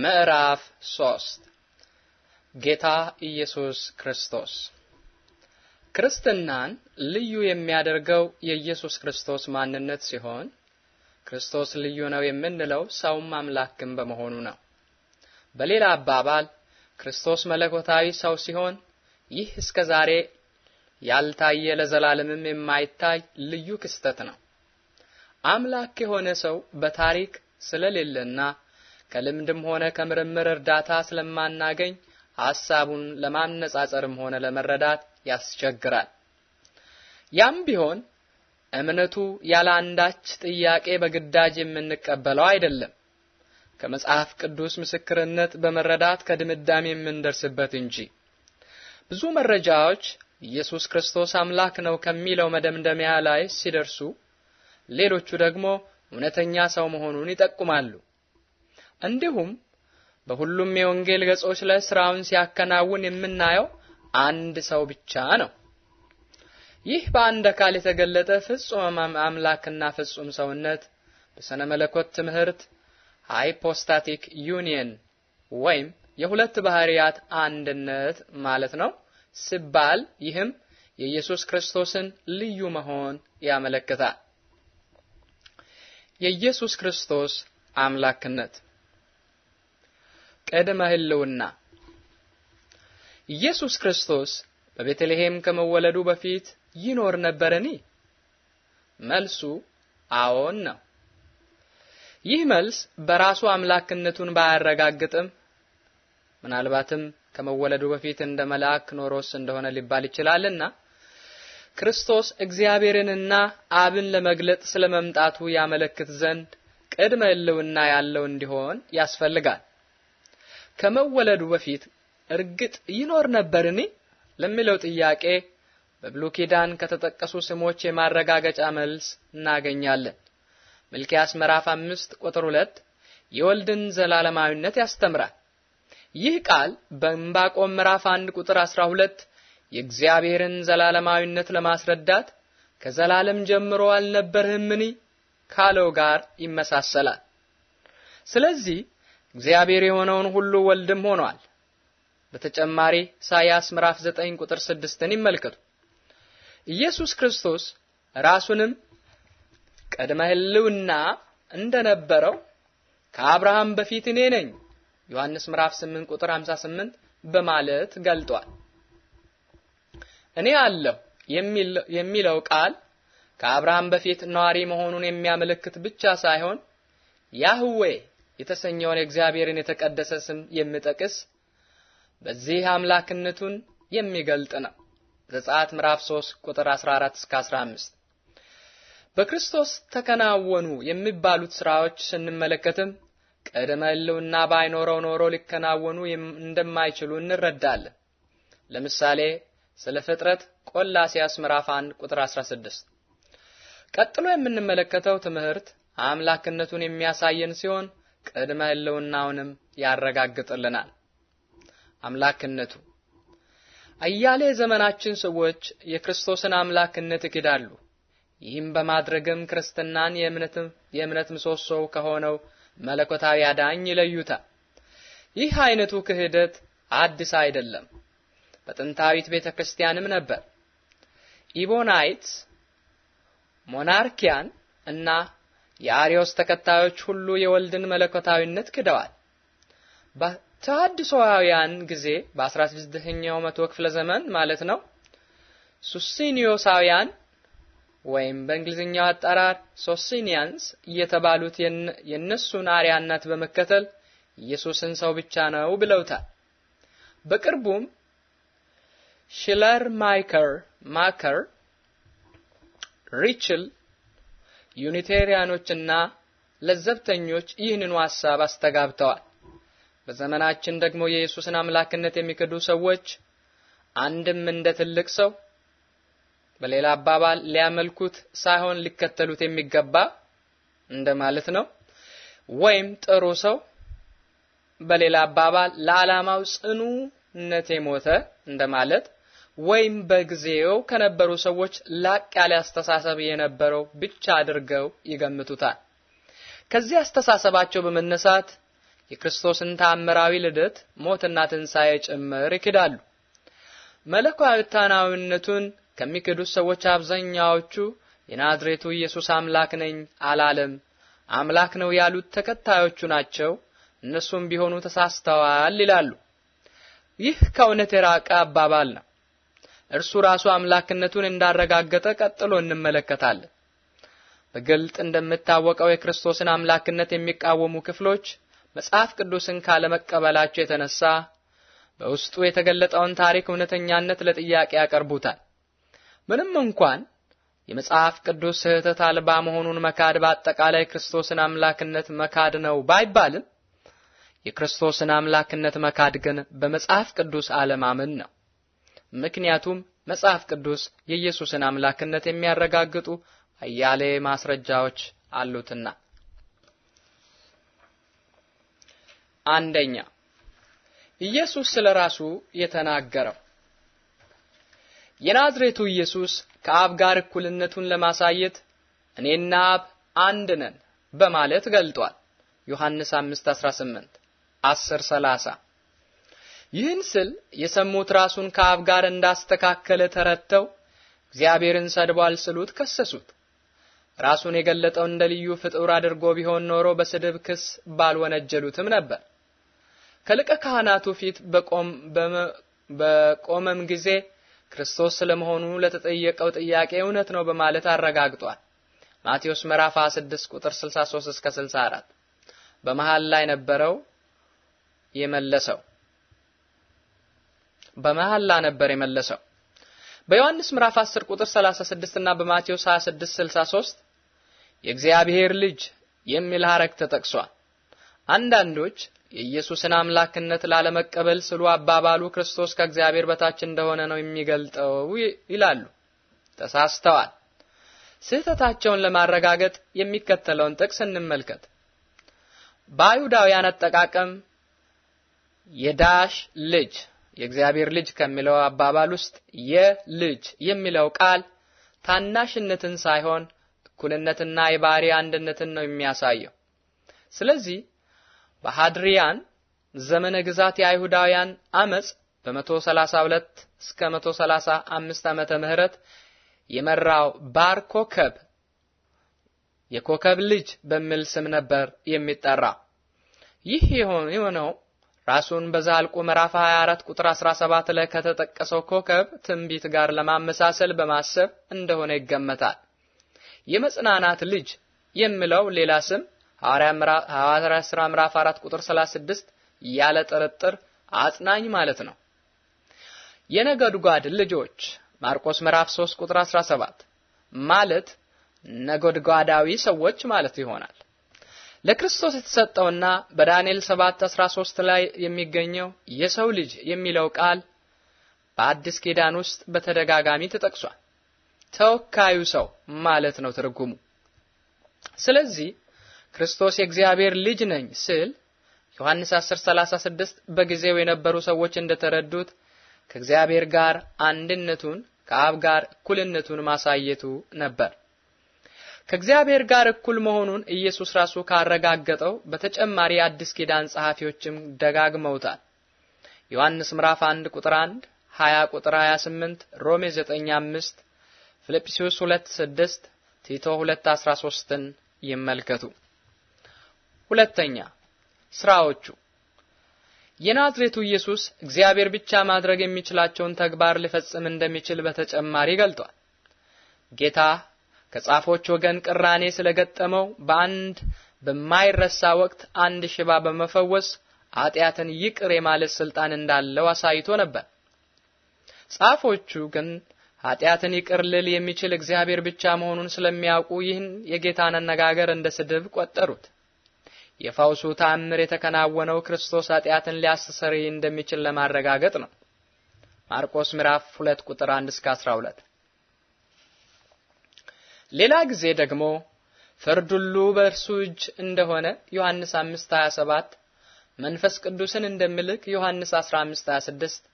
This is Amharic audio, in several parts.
ምዕራፍ 3 ጌታ ኢየሱስ ክርስቶስ ክርስትናን ልዩ የሚያደርገው የኢየሱስ ክርስቶስ ማንነት ሲሆን ክርስቶስ ልዩ ነው የምንለው ሰውም አምላክም በመሆኑ ነው። በሌላ አባባል ክርስቶስ መለኮታዊ ሰው ሲሆን ይህ እስከ ዛሬ ያልታየ ለዘላለምም የማይታይ ልዩ ክስተት ነው። አምላክ የሆነ ሰው በታሪክ ስለሌለና ከልምድም ሆነ ከምርምር እርዳታ ስለማናገኝ ሐሳቡን ለማነጻጸርም ሆነ ለመረዳት ያስቸግራል። ያም ቢሆን እምነቱ ያለ አንዳች ጥያቄ በግዳጅ የምንቀበለው አይደለም፣ ከመጽሐፍ ቅዱስ ምስክርነት በመረዳት ከድምዳሜ የምንደርስበት እንጂ። ብዙ መረጃዎች ኢየሱስ ክርስቶስ አምላክ ነው ከሚለው መደምደሚያ ላይ ሲደርሱ፣ ሌሎቹ ደግሞ እውነተኛ ሰው መሆኑን ይጠቁማሉ። እንዲሁም በሁሉም የወንጌል ገጾች ላይ ስራውን ሲያከናውን የምናየው አንድ ሰው ብቻ ነው። ይህ በአንድ አካል የተገለጠ ፍጹም አምላክና ፍጹም ሰውነት በስነ መለኮት ትምህርት ሃይፖስታቲክ ዩኒየን ወይም የሁለት ባህሪያት አንድነት ማለት ነው ሲባል ይህም የኢየሱስ ክርስቶስን ልዩ መሆን ያመለክታል። የኢየሱስ ክርስቶስ አምላክነት ቅድመ ህልውና ኢየሱስ ክርስቶስ በቤተልሔም ከመወለዱ በፊት ይኖር ነበርኒ መልሱ አዎን ነው። ይህ መልስ በራሱ አምላክነቱን ባያረጋግጥም ምናልባትም ከመወለዱ በፊት እንደ መልአክ ኖሮስ እንደሆነ ሊባል ይችላልና ክርስቶስ እግዚአብሔርንና አብን ለመግለጥ ስለመምጣቱ ያመለክት ዘንድ ቅድመ ህልውና ያለው እንዲሆን ያስፈልጋል። ከመወለዱ በፊት እርግጥ ይኖር ነበርን ለሚለው ጥያቄ በብሉይ ኪዳን ከተጠቀሱ ስሞች የማረጋገጫ መልስ እናገኛለን። ሚልክያስ ምዕራፍ 5 ቁጥር 2 የወልድን ዘላለማዊነት ያስተምራል። ይህ ቃል በዕንባቆም ምዕራፍ 1 ቁጥር 12 የእግዚአብሔርን ዘላለማዊነት ለማስረዳት ከዘላለም ጀምሮ አልነበርህምን ካለው ጋር ይመሳሰላል። ስለዚህ እግዚአብሔር የሆነውን ሁሉ ወልድም ሆኗል። በተጨማሪ ኢሳይያስ ምዕራፍ 9 ቁጥር 6ን ይመልከቱ። ኢየሱስ ክርስቶስ ራሱንም ቅድመ ሕልውና እንደነበረው ከአብርሃም በፊት እኔ ነኝ ዮሐንስ ምዕራፍ 8 ቁጥር 58 በማለት ገልጧል። እኔ አለሁ የሚለው ቃል ከአብርሃም በፊት ነዋሪ መሆኑን የሚያመለክት ብቻ ሳይሆን ያህዌ የተሰኘውን የእግዚአብሔርን የተቀደሰ ስም የሚጠቅስ በዚህ አምላክነቱን የሚገልጥ ነው። ዘጸአት ምዕራፍ 3 ቁጥር 14 እስከ 15 በክርስቶስ ተከናወኑ የሚባሉት ስራዎች ስንመለከትም ቅድመ ሕልውና ባይኖረው ኖሮ ሊከናወኑ እንደማይችሉ እንረዳለን። ለምሳሌ ስለ ፍጥረት ቆላስይስ ምዕራፍ 1 ቁጥር 16። ቀጥሎ የምንመለከተው ትምህርት አምላክነቱን የሚያሳየን ሲሆን ቅድመ ሕልውናውንም ያረጋግጥልናል። አምላክነቱ አያሌ ዘመናችን ሰዎች የክርስቶስን አምላክነት ይክዳሉ። ይህም በማድረግም ክርስትናን የእምነት ምሰሶው ከሆነው መለኮታዊ አዳኝ ይለዩታል። ይህ አይነቱ ክህደት አዲስ አይደለም። በጥንታዊት ቤተ ክርስቲያንም ነበር። ኢቦናይትስ ሞናርኪያን እና የአርዮስ ተከታዮች ሁሉ የወልድን መለኮታዊነት ክደዋል። በተሐድሶያውያን ጊዜ በ19ኛው መቶ ክፍለ ዘመን ማለት ነው ሱሲኒዮሳውያን ወይም በእንግሊዝኛው አጠራር ሶሲኒያንስ እየተባሉት የእነሱን አርያነት በመከተል ኢየሱስን ሰው ብቻ ነው ብለውታል። በቅርቡም ሽለር ማይከር ማከር ሪችል ዩኒቴሪያኖችና ለዘብተኞች ይህንኑ ሐሳብ አስተጋብተዋል። በዘመናችን ደግሞ የኢየሱስን አምላክነት የሚክዱ ሰዎች አንድም እንደ ትልቅ ሰው በሌላ አባባል ሊያመልኩት ሳይሆን ሊከተሉት የሚገባ እንደማለት ነው። ወይም ጥሩ ሰው በሌላ አባባል ለዓላማው ጽኑነት የሞተ እንደማለት ወይም በጊዜው ከነበሩ ሰዎች ላቅ ያለ አስተሳሰብ የነበረው ብቻ አድርገው ይገምቱታል። ከዚህ አስተሳሰባቸው በመነሳት የክርስቶስን ተአምራዊ ልደት፣ ሞትና ትንሣኤ ጭምር ይክዳሉ። መለኮታዊነቱን ከሚክዱት ሰዎች አብዛኛዎቹ የናዝሬቱ ኢየሱስ አምላክ ነኝ አላለም፣ አምላክ ነው ያሉት ተከታዮቹ ናቸው። እነሱም ቢሆኑ ተሳስተዋል ይላሉ። ይህ ከእውነት የራቀ አባባል ነው። እርሱ ራሱ አምላክነቱን እንዳረጋገጠ ቀጥሎ እንመለከታለን። በግልጥ እንደምታወቀው የክርስቶስን አምላክነት የሚቃወሙ ክፍሎች መጽሐፍ ቅዱስን ካለመቀበላቸው የተነሳ በውስጡ የተገለጠውን ታሪክ እውነተኛነት ለጥያቄ ያቀርቡታል። ምንም እንኳን የመጽሐፍ ቅዱስ ስህተት አልባ መሆኑን መካድ በአጠቃላይ ክርስቶስን አምላክነት መካድ ነው ባይባልም የክርስቶስን አምላክነት መካድ ግን በመጽሐፍ ቅዱስ አለማመን ነው። ምክንያቱም መጽሐፍ ቅዱስ የኢየሱስን አምላክነት የሚያረጋግጡ አያሌ ማስረጃዎች አሉትና። አንደኛ ኢየሱስ ስለ ራሱ የተናገረው የናዝሬቱ ኢየሱስ ከአብ ጋር እኩልነቱን ለማሳየት እኔና አብ አንድ ነን በማለት ገልጧል። ዮሐንስ 5:18 10:30 ይህን ስል የሰሙት ራሱን ከአብ ጋር እንዳስተካከለ ተረድተው እግዚአብሔርን ሰድቧል ስሉት ከሰሱት። ራሱን የገለጠው እንደ ልዩ ፍጡር አድርጎ ቢሆን ኖሮ በስድብ ክስ ባልወነጀሉትም ነበር። ከሊቀ ካህናቱ ፊት በቆመም ጊዜ ክርስቶስ ስለመሆኑ ለተጠየቀው ጥያቄ እውነት ነው በማለት አረጋግጧል። ማቴዎስ ምዕራፍ 26 ቁጥር 63 እስከ 64 በመሃል ላይ ነበረው የመለሰው በመሐላ ነበር የመለሰው። በዮሐንስ ምዕራፍ 10 ቁጥር 36 እና በማቴዎስ 26 63 የእግዚአብሔር ልጅ የሚል ሐረግ ተጠቅሷል። አንዳንዶች የኢየሱስን አምላክነት ላለመቀበል ስሉ አባባሉ ክርስቶስ ከእግዚአብሔር በታች እንደሆነ ነው የሚገልጠው ይላሉ። ተሳስተዋል። ስህተታቸውን ለማረጋገጥ የሚከተለውን ጥቅስ እንመልከት። በአይሁዳውያን አጠቃቀም የዳሽ ልጅ የእግዚአብሔር ልጅ ከሚለው አባባል ውስጥ የልጅ የሚለው ቃል ታናሽነትን ሳይሆን እኩልነትና የባህሪ አንድነትን ነው የሚያሳየው። ስለዚህ በሃድሪያን ዘመነ ግዛት የአይሁዳውያን አመጽ በ132 እስከ 135 ዓመተ ምህረት የመራው ባር ኮከብ የኮከብ ልጅ በሚል ስም ነበር የሚጠራ። ይህ የሆነው ራሱን በዛልቁ ምዕራፍ 24 ቁጥር 17 ላይ ከተጠቀሰው ኮከብ ትንቢት ጋር ለማመሳሰል በማሰብ እንደሆነ ይገመታል። የመጽናናት ልጅ የሚለው ሌላ ስም ሐዋርያ ሥራ ምዕራፍ 4 ቁጥር 36 ያለ ጥርጥር አጽናኝ ማለት ነው። የነጎድጓድ ልጆች ማርቆስ ምዕራፍ 3 ቁጥር 17 ማለት ነጎድጓዳዊ ሰዎች ማለት ይሆናል። ለክርስቶስ የተሰጠውና በዳንኤል 7:13 ላይ የሚገኘው የሰው ልጅ የሚለው ቃል በአዲስ ኪዳን ውስጥ በተደጋጋሚ ተጠቅሷል። ተወካዩ ሰው ማለት ነው ትርጉሙ። ስለዚህ ክርስቶስ የእግዚአብሔር ልጅ ነኝ ስል ዮሐንስ 10:36 በጊዜው የነበሩ ሰዎች እንደተረዱት ከእግዚአብሔር ጋር አንድነቱን ከአብ ጋር እኩልነቱን ማሳየቱ ነበር። ከእግዚአብሔር ጋር እኩል መሆኑን ኢየሱስ ራሱ ካረጋገጠው በተጨማሪ የአዲስ ኪዳን ጸሐፊዎችም ደጋግመውታል። ዮሐንስ ምዕራፍ 1 ቁጥር 1፣ 20 ቁጥር 28፣ ሮሜ 9 5፣ ፊልጵስዩስ 2 6፣ ቲቶ 2 13ን ይመልከቱ። ሁለተኛ ስራዎቹ የናዝሬቱ ኢየሱስ እግዚአብሔር ብቻ ማድረግ የሚችላቸውን ተግባር ሊፈጽም እንደሚችል በተጨማሪ ገልጧል። ጌታ ከጻፎች ወገን ቅራኔ ስለገጠመው በአንድ በማይረሳ ወቅት አንድ ሽባ በመፈወስ ኃጢአትን ይቅር የማለት ስልጣን እንዳለው አሳይቶ ነበር። ጻፎቹ ግን ኃጢአትን ይቅር ልል የሚችል እግዚአብሔር ብቻ መሆኑን ስለሚያውቁ ይህን የጌታን አነጋገር እንደ ስድብ ቆጠሩት። የፈውሱ ተአምር የተከናወነው ክርስቶስ ኃጢአትን ሊያስተሰርይ እንደሚችል ለማረጋገጥ ነው። ማርቆስ ምዕራፍ 2 ቁጥር 1 እስከ 12 ሌላ ጊዜ ደግሞ ፍርድ ሁሉ በእርሱ እጅ እንደሆነ ዮሐንስ 5:27 መንፈስ ቅዱስን እንደሚልክ ዮሐንስ 15:26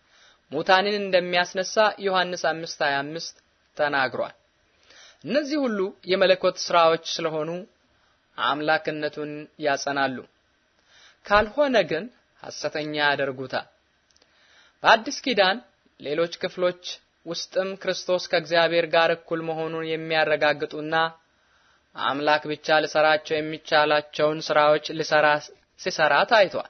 ሙታንን እንደሚያስነሳ ዮሐንስ 5:25 ተናግሯል። እነዚህ ሁሉ የመለኮት ስራዎች ስለሆኑ አምላክነቱን ያጸናሉ። ካልሆነ ግን ሐሰተኛ ያደርጉታል። በአዲስ ኪዳን ሌሎች ክፍሎች ውስጥም ክርስቶስ ከእግዚአብሔር ጋር እኩል መሆኑን የሚያረጋግጡና አምላክ ብቻ ልሰራቸው የሚቻላቸውን ስራዎች ልሰራ ሲሰራ ታይቷል።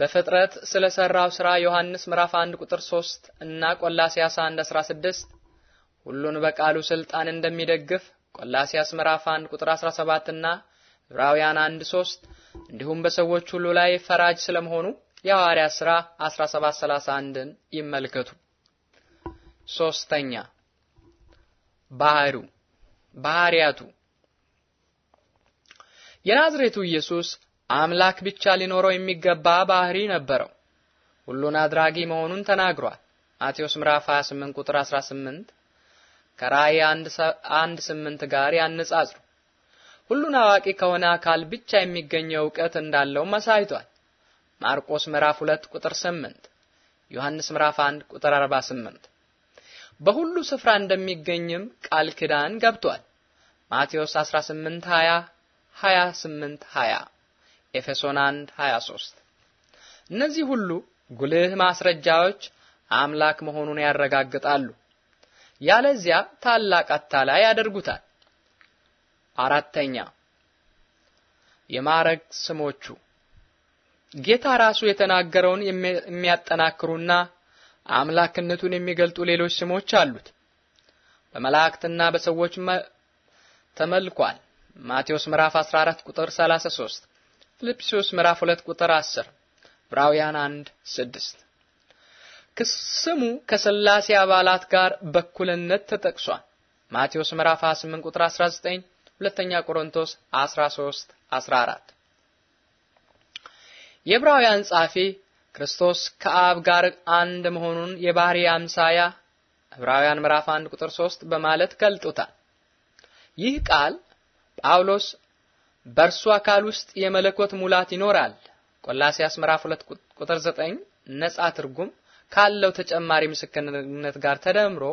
በፍጥረት ስለሰራው ስራ ዮሐንስ ምዕራፍ 1 ቁጥር 3 እና ቆላሲያስ 1 16 ሁሉን በቃሉ ስልጣን እንደሚደግፍ ቆላሲያስ ምዕራፍ 1 ቁጥር 17 እና ዕብራውያን 1 3 እንዲሁም በሰዎች ሁሉ ላይ ፈራጅ ስለመሆኑ የሐዋርያት ሥራ 17 31ን ይመልከቱ። ሶስተኛ ባህሩ ባህሪያቱ የናዝሬቱ ኢየሱስ አምላክ ብቻ ሊኖረው የሚገባ ባህሪ ነበረው። ሁሉን አድራጊ መሆኑን ተናግሯል። ማቴዎስ ምዕራፍ 28 ቁጥር 18 ከራእይ 1 8 ጋር ያነጻጽሩ። ሁሉን አዋቂ ከሆነ አካል ብቻ የሚገኘው እውቀት እንዳለው መሳይቷል። ማርቆስ ምዕራፍ 2 ቁጥር 8፣ ዮሐንስ ምዕራፍ 1 ቁጥር 48 በሁሉ ስፍራ እንደሚገኝም ቃል ኪዳን ገብቷል። ማቴዎስ 18 20 28 20 ኤፌሶን 1 23 እነዚህ ሁሉ ጉልህ ማስረጃዎች አምላክ መሆኑን ያረጋግጣሉ። ያለዚያ ታላቅ አታላይ ያደርጉታል። አራተኛ የማዕረግ ስሞቹ ጌታ ራሱ የተናገረውን የሚያጠናክሩና አምላክነቱን የሚገልጡ ሌሎች ስሞች አሉት። በመላእክትና በሰዎች ተመልኳል። ማቴዎስ ምዕራፍ 14 ቁጥር 33፣ ፊልጵስዩስ ምዕራፍ 2 ቁጥር 10፣ ዕብራውያን 1 6። ስሙ ከስላሴ አባላት ጋር በኩልነት ተጠቅሷል። ማቴዎስ ምዕራፍ 28 ቁጥር 19፣ ሁለተኛ ቆሮንቶስ 13 14። የዕብራውያን ጻፊ ክርስቶስ ከአብ ጋር አንድ መሆኑን የባህሪ አምሳያ ዕብራውያን ምዕራፍ 1 ቁጥር 3 በማለት ገልጦታል። ይህ ቃል ጳውሎስ በእርሱ አካል ውስጥ የመለኮት ሙላት ይኖራል ቆላሲያስ ምዕራፍ 2 ቁጥር 9 ነጻ ትርጉም ካለው ተጨማሪ ምስክርነት ጋር ተደምሮ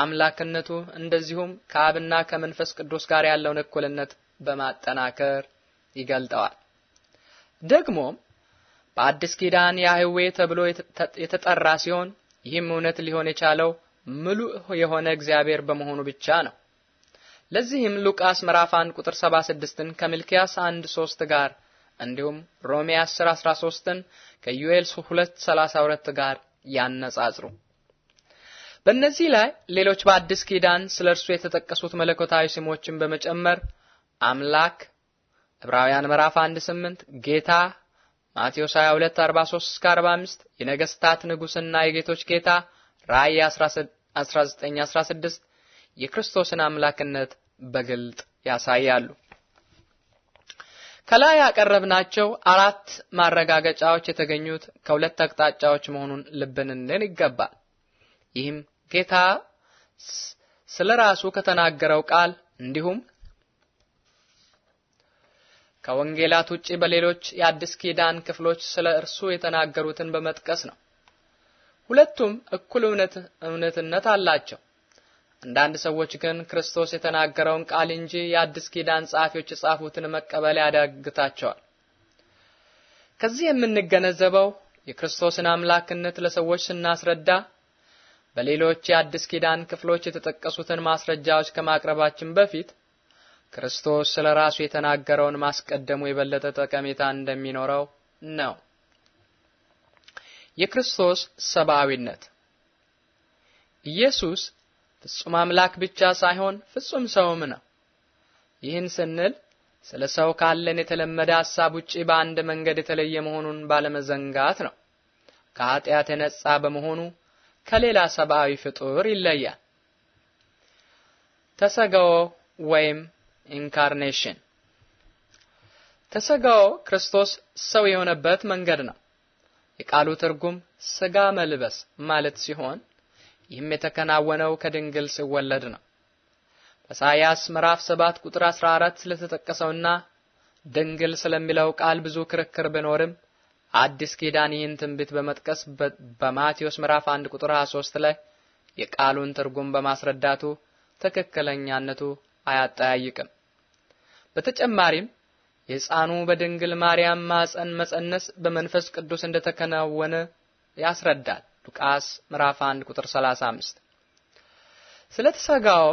አምላክነቱ እንደዚሁም ከአብና ከመንፈስ ቅዱስ ጋር ያለውን እኩልነት በማጠናከር ይገልጠዋል። ደግሞም በአዲስ ኪዳን ያህዌ ተብሎ የተጠራ ሲሆን ይህም እውነት ሊሆን የቻለው ምሉ የሆነ እግዚአብሔር በመሆኑ ብቻ ነው። ለዚህም ሉቃስ ምዕራፍ 1 ቁጥር 76ን ከሚልኪያስ 1 3 ጋር እንዲሁም ሮሜ 10 13ን ከዩኤል 2 32 ጋር ያነጻጽሩ። በእነዚህ ላይ ሌሎች በአዲስ ኪዳን ስለ እርሱ የተጠቀሱት መለኮታዊ ስሞችን በመጨመር አምላክ ዕብራውያን ምዕራፍ 1 8 ጌታ ማቴዎስ 22 43 እስከ 45 የነገስታት ንጉስና የጌቶች ጌታ ራእይ 19 16 የክርስቶስን አምላክነት በግልጥ ያሳያሉ። ከላይ ያቀረብናቸው አራት ማረጋገጫዎች የተገኙት ከሁለት አቅጣጫዎች መሆኑን ልብ ልንል ይገባል። ይህም ጌታ ስለ ራሱ ከተናገረው ቃል እንዲሁም ከወንጌላት ውጪ በሌሎች የአዲስ ኪዳን ክፍሎች ስለ እርሱ የተናገሩትን በመጥቀስ ነው። ሁለቱም እኩል እውነት እውነትነት አላቸው። አንዳንድ ሰዎች ግን ክርስቶስ የተናገረውን ቃል እንጂ የአዲስ ኪዳን ጸሐፊዎች የጻፉትን መቀበል ያዳግታቸዋል። ከዚህ የምንገነዘበው የክርስቶስን አምላክነት ለሰዎች ስናስረዳ በሌሎች የአዲስ ኪዳን ክፍሎች የተጠቀሱትን ማስረጃዎች ከማቅረባችን በፊት ክርስቶስ ስለ ራሱ የተናገረውን ማስቀደሙ የበለጠ ጠቀሜታ እንደሚኖረው ነው። የክርስቶስ ሰብአዊነት ኢየሱስ ፍጹም አምላክ ብቻ ሳይሆን ፍጹም ሰውም ነው። ይህን ስንል ስለ ሰው ካለን የተለመደ ሀሳብ ውጪ በአንድ መንገድ የተለየ መሆኑን ባለመዘንጋት ነው። ከኃጢአት የነጻ በመሆኑ ከሌላ ሰብአዊ ፍጡር ይለያል። ተሰገው ወይም ኢንካርኔሽን ተሰጋው ክርስቶስ ሰው የሆነበት መንገድ ነው። የቃሉ ትርጉም ስጋ መልበስ ማለት ሲሆን ይህም የተከናወነው ከድንግል ሲወለድ ነው። በኢሳይያስ ምዕራፍ 7 ቁጥር 14 ስለተጠቀሰውና ድንግል ስለሚለው ቃል ብዙ ክርክር ቢኖርም አዲስ ኪዳን ይህን ትንቢት በመጥቀስ በማቴዎስ ምዕራፍ 1 ቁጥር 23 ላይ የቃሉን ትርጉም በማስረዳቱ ትክክለኛነቱ አያጠያይቅም። በተጨማሪም የሕፃኑ በድንግል ማርያም ማፀን መጸነስ በመንፈስ ቅዱስ እንደተከናወነ ያስረዳል። ሉቃስ ምዕራፍ 1 ቁጥር 35 ስለ ተሰጋው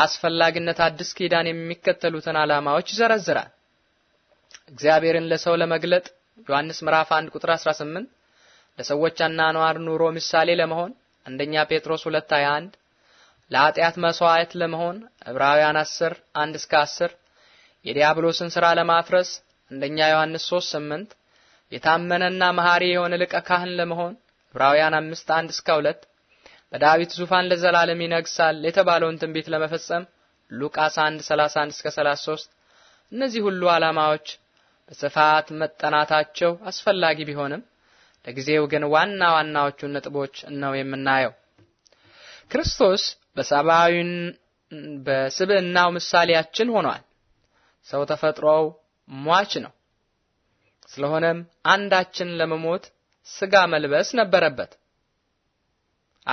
አስፈላጊነት አዲስ ኪዳን የሚከተሉትን ዓላማዎች ይዘረዝራል። እግዚአብሔርን ለሰው ለመግለጥ ዮሐንስ ምዕራፍ 1 ቁጥር 18 ለሰዎች አኗኗር ኑሮ ምሳሌ ለመሆን አንደኛ ጴጥሮስ 2 21 ለኃጢአት መስዋዕት ለመሆን ዕብራውያን 10 1 እስከ 10 የዲያብሎስን ሥራ ለማፍረስ አንደኛ ዮሐንስ 3 8 የታመነና መሐሪ የሆነ ልቀ ካህን ለመሆን ዕብራውያን 5 1 እስከ 2 በዳዊት ዙፋን ለዘላለም ይነግሳል የተባለውን ትንቢት ለመፈጸም ሉቃስ 1 31 እስከ 33 እነዚህ ሁሉ ዓላማዎች በስፋት መጠናታቸው አስፈላጊ ቢሆንም ለጊዜው ግን ዋና ዋናዎቹን ነጥቦች ነው የምናየው። ክርስቶስ በሰብአዊ በስብዕናው ምሳሌያችን ሆኗል። ሰው ተፈጥሮው ሟች ነው። ስለሆነም አንዳችን ለመሞት ስጋ መልበስ ነበረበት።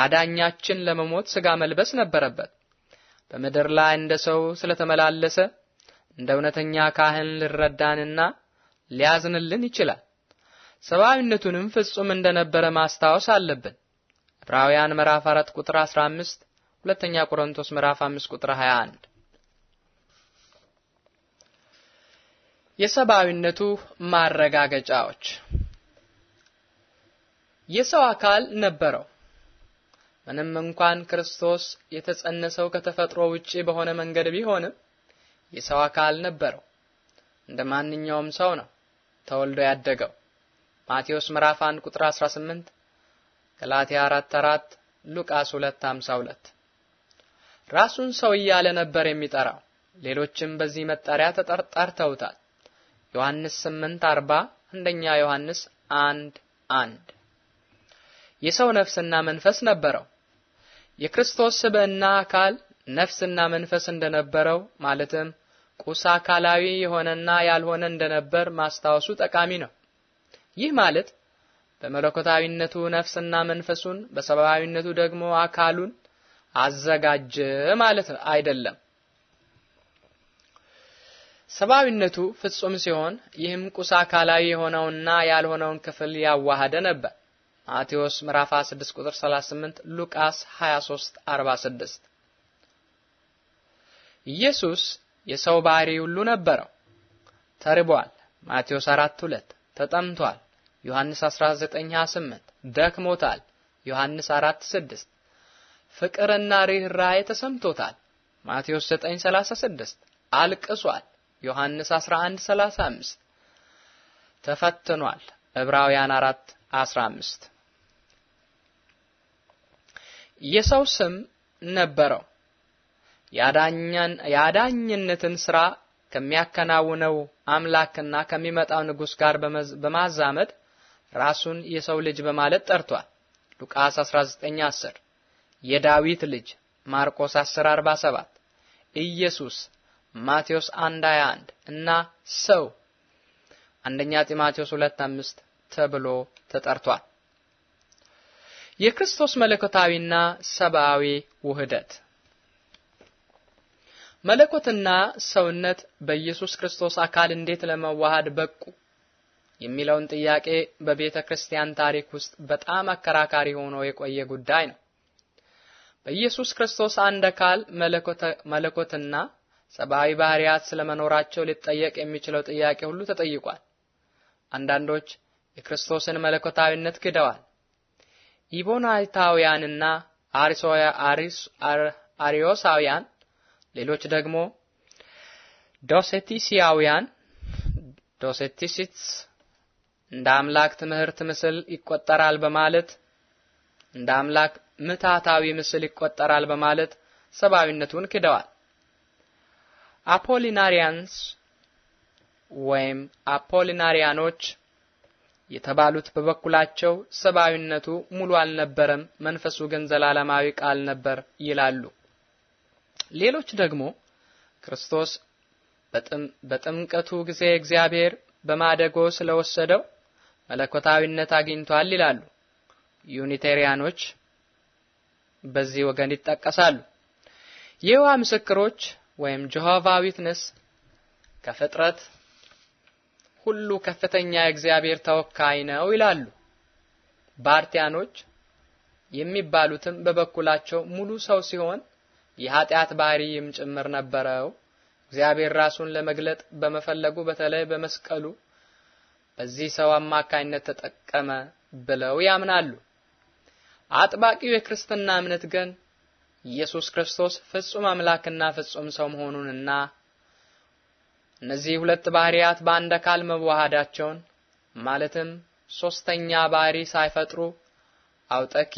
አዳኛችን ለመሞት ስጋ መልበስ ነበረበት። በምድር ላይ እንደ ሰው ስለተመላለሰ እንደ እውነተኛ ካህን ሊረዳንና ሊያዝንልን ይችላል። ሰብአዊነቱንም ፍጹም እንደነበረ ማስታወስ አለብን። ዕብራውያን ምዕራፍ 4 ቁጥር 15፣ ሁለተኛ ቆሮንቶስ ምዕራፍ 5 ቁጥር 21 የሰብአዊነቱ ማረጋገጫዎች የሰው አካል ነበረው። ምንም እንኳን ክርስቶስ የተጸነሰው ከተፈጥሮ ውጪ በሆነ መንገድ ቢሆንም የሰው አካል ነበረው። እንደ ማንኛውም ሰው ነው ተወልዶ ያደገው። ማቴዎስ ምዕራፍ 1 ቁጥር 18፣ ገላትያ 4 4፣ ሉቃስ 2 52። ራሱን ሰው እያለ ነበር የሚጠራው። ሌሎችም በዚህ መጠሪያ ተጠርተውታል። ዮሐንስ 8 40 አንደኛ ዮሐንስ 1 1 የሰው ነፍስና መንፈስ ነበረው። የክርስቶስ ስብዕና አካል ነፍስና መንፈስ እንደነበረው ማለትም ቁሳ አካላዊ የሆነና ያልሆነ እንደነበር ማስታወሱ ጠቃሚ ነው። ይህ ማለት በመለኮታዊነቱ ነፍስና መንፈሱን በሰብአዊነቱ ደግሞ አካሉን አዘጋጀ ማለት አይደለም። ሰብአዊነቱ ፍጹም ሲሆን ይህም ቁሳ አካላዊ የሆነውና ያልሆነውን ክፍል ያዋሃደ ነበር። ማቴዎስ ምዕራፍ 26 ቁጥር 38፣ ሉቃስ 23 46። ኢየሱስ የሰው ባህሪ ሁሉ ነበረው። ተርቧል፣ ማቴዎስ 4 2፣ ተጠምቷል፣ ዮሐንስ 19 28፣ ደክሞታል፣ ዮሐንስ 4 6፣ ፍቅርና ርኅራኄ ተሰምቶታል፣ ማቴዎስ 9 36፣ አልቅሷል ዮሐንስ 11 35 ተፈትኗል ዕብራውያን 4 15 የሰው ስም ነበረው ያዳኛን ያዳኝነትን ስራ ከሚያከናውነው አምላክና ከሚመጣው ንጉስ ጋር በማዛመድ ራሱን የሰው ልጅ በማለት ጠርቷል። ሉቃስ 19:10 የዳዊት ልጅ ማርቆስ 10:47 ኢየሱስ ማቴዎስ 1 21 እና ሰው አንደኛ ጢማቴዎስ 2 5 ተብሎ ተጠርቷል። የክርስቶስ መለኮታዊና ሰብአዊ ውህደት መለኮትና ሰውነት በኢየሱስ ክርስቶስ አካል እንዴት ለመዋሃድ በቁ የሚለውን ጥያቄ በቤተ ክርስቲያን ታሪክ ውስጥ በጣም አከራካሪ ሆኖ የቆየ ጉዳይ ነው። በኢየሱስ ክርስቶስ አንድ አካል መለኮትና ሰብአዊ ባህሪያት ስለመኖራቸው ሊጠየቅ የሚችለው ጥያቄ ሁሉ ተጠይቋል። አንዳንዶች የክርስቶስን መለኮታዊነት ክደዋል። ኢቦናይታውያንና አሪዮሳውያን፣ ሌሎች ደግሞ ዶሴቲሲያውያን ዶሴቲሲትስ እንደ አምላክ ትምህርት ምስል ይቆጠራል በማለት እንደ አምላክ ምታታዊ ምስል ይቆጠራል በማለት ሰብአዊነቱን ክደዋል። አፖሊናሪያንስ ወይም አፖሊናሪያኖች የተባሉት በበኩላቸው ሰብአዊነቱ ሙሉ አልነበረም፣ መንፈሱ ግን ዘላለማዊ ቃል ነበር ይላሉ። ሌሎች ደግሞ ክርስቶስ በጥምቀቱ ጊዜ እግዚአብሔር በማደጎ ስለወሰደው መለኮታዊነት አግኝቷል ይላሉ። ዩኒቴሪያኖች በዚህ ወገን ይጠቀሳሉ። የይሖዋ ምስክሮች ወይም ጆሃቫ ዊትነስ ከፍጥረት ሁሉ ከፍተኛ የእግዚአብሔር ተወካይ ነው ይላሉ። ባርቲያኖች የሚባሉትም በበኩላቸው ሙሉ ሰው ሲሆን የኃጢአት ባህሪም ጭምር ነበረው። እግዚአብሔር ራሱን ለመግለጥ በመፈለጉ በተለይ በመስቀሉ በዚህ ሰው አማካይነት ተጠቀመ ብለው ያምናሉ። አጥባቂው የክርስትና እምነት ግን ኢየሱስ ክርስቶስ ፍጹም አምላክና ፍጹም ሰው መሆኑንና እነዚህ ሁለት ባህሪያት በአንድ አካል መዋሃዳቸውን ማለትም ሶስተኛ ባህሪ ሳይፈጥሩ አውጠኪ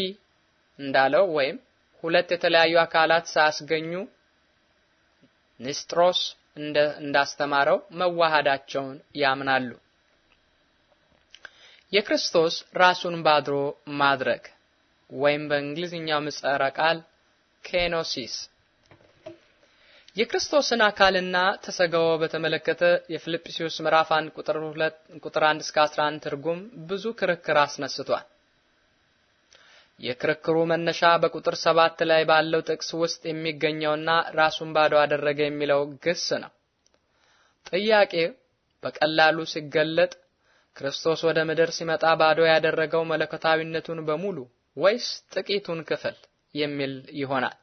እንዳለው ወይም ሁለት የተለያዩ አካላት ሳያስገኙ ንስጥሮስ እንዳስተማረው መዋሃዳቸውን ያምናሉ። የክርስቶስ ራሱን ባድሮ ማድረግ ወይም በእንግሊዝኛው ምጽረ ቃል ኬኖሲስ የክርስቶስን አካልና ተሰገወ በተመለከተ የፊልጵስዩስ ምዕራፍ 1 ቁጥር 2 ቁጥር 1 እስከ 11 ትርጉም ብዙ ክርክር አስነስቷል። የክርክሩ መነሻ በቁጥር 7 ላይ ባለው ጥቅስ ውስጥ የሚገኘውና ራሱን ባዶ አደረገ የሚለው ግስ ነው። ጥያቄው በቀላሉ ሲገለጥ ክርስቶስ ወደ ምድር ሲመጣ ባዶ ያደረገው መለኮታዊነቱን በሙሉ ወይስ ጥቂቱን ክፍል? የሚል ይሆናል።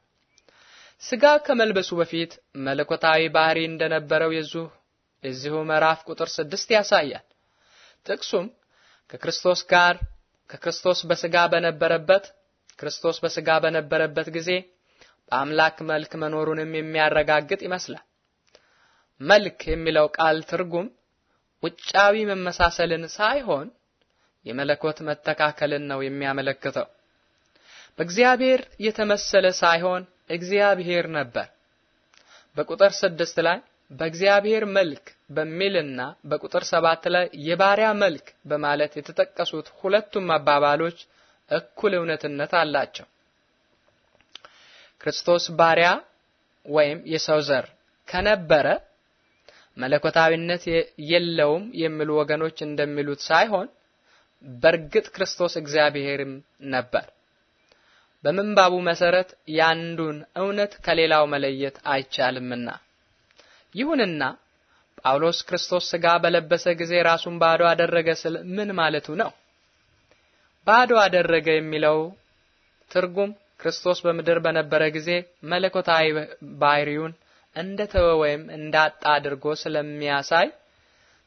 ስጋ ከመልበሱ በፊት መለኮታዊ ባህሪ እንደነበረው የዚሁ የዚሁ ምዕራፍ ቁጥር ስድስት ያሳያል። ጥቅሱም ከክርስቶስ ጋር ከክርስቶስ በስጋ በነበረበት ክርስቶስ በስጋ በነበረበት ጊዜ በአምላክ መልክ መኖሩንም የሚያረጋግጥ ይመስላል። መልክ የሚለው ቃል ትርጉም ውጫዊ መመሳሰልን ሳይሆን የመለኮት መተካከልን ነው የሚያመለክተው። በእግዚአብሔር የተመሰለ ሳይሆን እግዚአብሔር ነበር። በቁጥር ስድስት ላይ በእግዚአብሔር መልክ በሚልና በቁጥር ሰባት ላይ የባሪያ መልክ በማለት የተጠቀሱት ሁለቱም አባባሎች እኩል እውነትነት አላቸው። ክርስቶስ ባሪያ ወይም የሰው ዘር ከነበረ መለኮታዊነት የለውም የሚሉ ወገኖች እንደሚሉት ሳይሆን በእርግጥ ክርስቶስ እግዚአብሔርም ነበር። በምንባቡ መሰረት ያንዱን እውነት ከሌላው መለየት አይቻልምና። ይሁንና ጳውሎስ ክርስቶስ ሥጋ በለበሰ ጊዜ ራሱን ባዶ አደረገ ስል ምን ማለቱ ነው? ባዶ አደረገ የሚለው ትርጉም ክርስቶስ በምድር በነበረ ጊዜ መለኮታዊ ባህሪውን እንደ ተወ ወይም እንዳጣ አድርጎ ስለሚያሳይ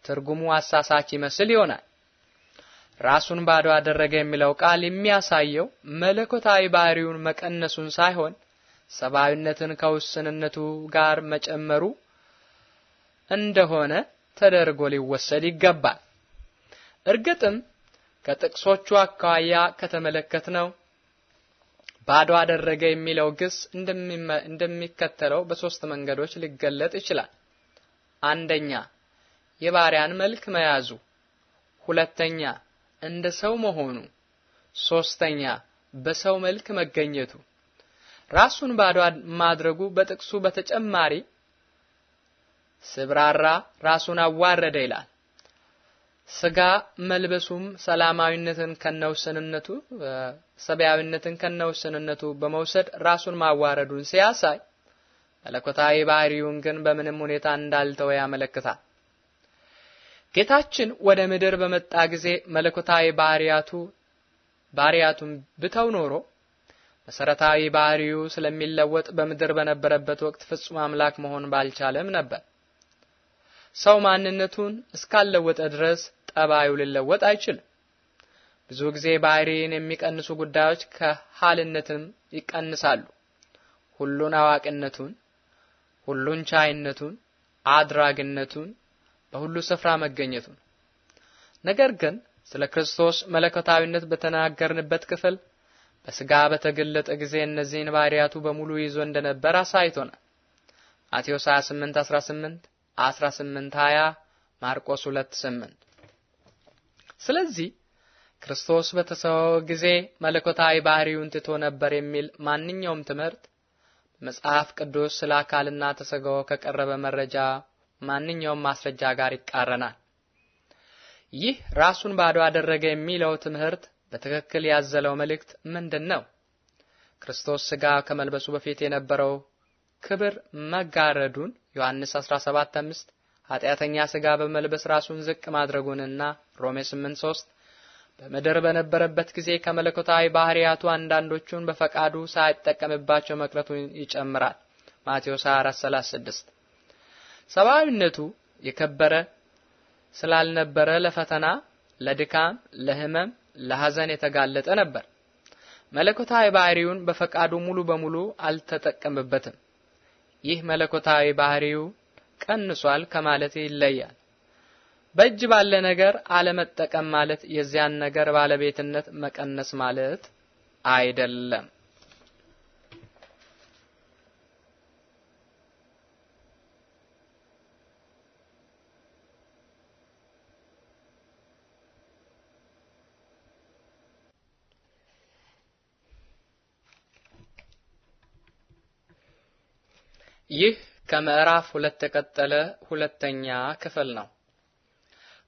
ትርጉሙ አሳሳች ይመስል ይሆናል። ራሱን ባዶ አደረገ የሚለው ቃል የሚያሳየው መለኮታዊ ባህሪውን መቀነሱን ሳይሆን ሰብአዊነትን ከውስንነቱ ጋር መጨመሩ እንደሆነ ተደርጎ ሊወሰድ ይገባል። እርግጥም ከጥቅሶቹ አኳያ ነው ባዶ አደረገ የሚለው ግስ እንደሚከተለው በሶስት መንገዶች ሊገለጥ ይችላል። አንደኛ የባሪያን መልክ መያዙ፣ ሁለተኛ እንደ ሰው መሆኑ፣ ሶስተኛ በሰው መልክ መገኘቱ። ራሱን ባዶ ማድረጉ በጥቅሱ በተጨማሪ ስብራራ ራሱን አዋረደ ይላል። ስጋ መልበሱም ሰላማዊነትን ከነውስንነቱ ሰብያዊነትን ከነውስንነቱ በመውሰድ ራሱን ማዋረዱን ሲያሳይ መለኮታዊ ባህሪውን ግን በምንም ሁኔታ እንዳልተወ ያመለክታል። ጌታችን ወደ ምድር በመጣ ጊዜ መለኮታዊ ባህሪያቱ ባህሪያቱን ብተው ኖሮ መሰረታዊ ባህሪው ስለሚለወጥ በምድር በነበረበት ወቅት ፍጹም አምላክ መሆን ባልቻለም ነበር። ሰው ማንነቱን እስካለወጠ ድረስ ጠባዩ ሊለወጥ አይችልም። ብዙ ጊዜ ባህሪን የሚቀንሱ ጉዳዮች ከሃልነትም ይቀንሳሉ። ሁሉን አዋቂነቱን፣ ሁሉን ቻይነቱን፣ አድራግነቱን፣ በሁሉ ስፍራ መገኘቱ ነው። ነገር ግን ስለ ክርስቶስ መለኮታዊነት በተናገርንበት ክፍል በስጋ በተገለጠ ጊዜ እነዚህን ባህሪያቱ በሙሉ ይዞ እንደነበር አሳይቶናል። ማቴዎስ 28 18 18 20 ማርቆስ 2 8 ስለዚህ ክርስቶስ በተሰወ ጊዜ መለኮታዊ ባህሪውን ትቶ ነበር የሚል ማንኛውም ትምህርት በመጽሐፍ ቅዱስ ስለ አካልና ተሰገው ከቀረበ መረጃ ማንኛውም ማስረጃ ጋር ይቃረናል። ይህ ራሱን ባዶ አደረገ የሚለው ትምህርት በትክክል ያዘለው መልእክት ምንድን ነው? ክርስቶስ ሥጋ ከመልበሱ በፊት የነበረው ክብር መጋረዱን ዮሐንስ 17:5 ኃጢአተኛ ሥጋ በመልበስ ራሱን ዝቅ ማድረጉንና ሮሜ 8:3 በምድር በነበረበት ጊዜ ከመለኮታዊ ባህሪያቱ አንዳንዶቹን በፈቃዱ ሳይጠቀምባቸው መቅረቱን ይጨምራል ማቴዎስ 24:36 ሰብአዊነቱ የከበረ ስላልነበረ ለፈተና፣ ለድካም፣ ለህመም፣ ለሐዘን የተጋለጠ ነበር። መለኮታዊ ባህሪውን በፈቃዱ ሙሉ በሙሉ አልተጠቀምበትም። ይህ መለኮታዊ ባህሪው ቀንሷል ከማለት ይለያል። በእጅ ባለ ነገር አለመጠቀም ማለት የዚያን ነገር ባለቤትነት መቀነስ ማለት አይደለም። ይህ ከምዕራፍ ሁለት ተቀጠለ ሁለተኛ ክፍል ነው።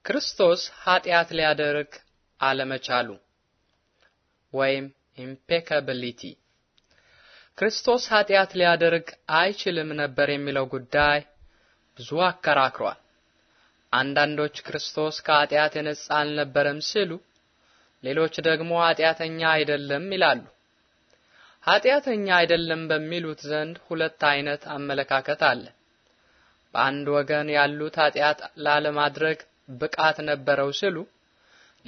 ክርስቶስ ኃጢአት ሊያደርግ አለመቻሉ ወይም ኢምፔካቢሊቲ ክርስቶስ ኃጢአት ሊያደርግ አይችልም ነበር የሚለው ጉዳይ ብዙ አከራክሯል። አንዳንዶች ክርስቶስ ከኃጢአት የነጻ አልነበረም ሲሉ፣ ሌሎች ደግሞ ኃጢአተኛ አይደለም ይላሉ። ኃጢአተኛ አይደለም በሚሉት ዘንድ ሁለት አይነት አመለካከት አለ። በአንድ ወገን ያሉት ኃጢአት ላለማድረግ ብቃት ነበረው ሲሉ፣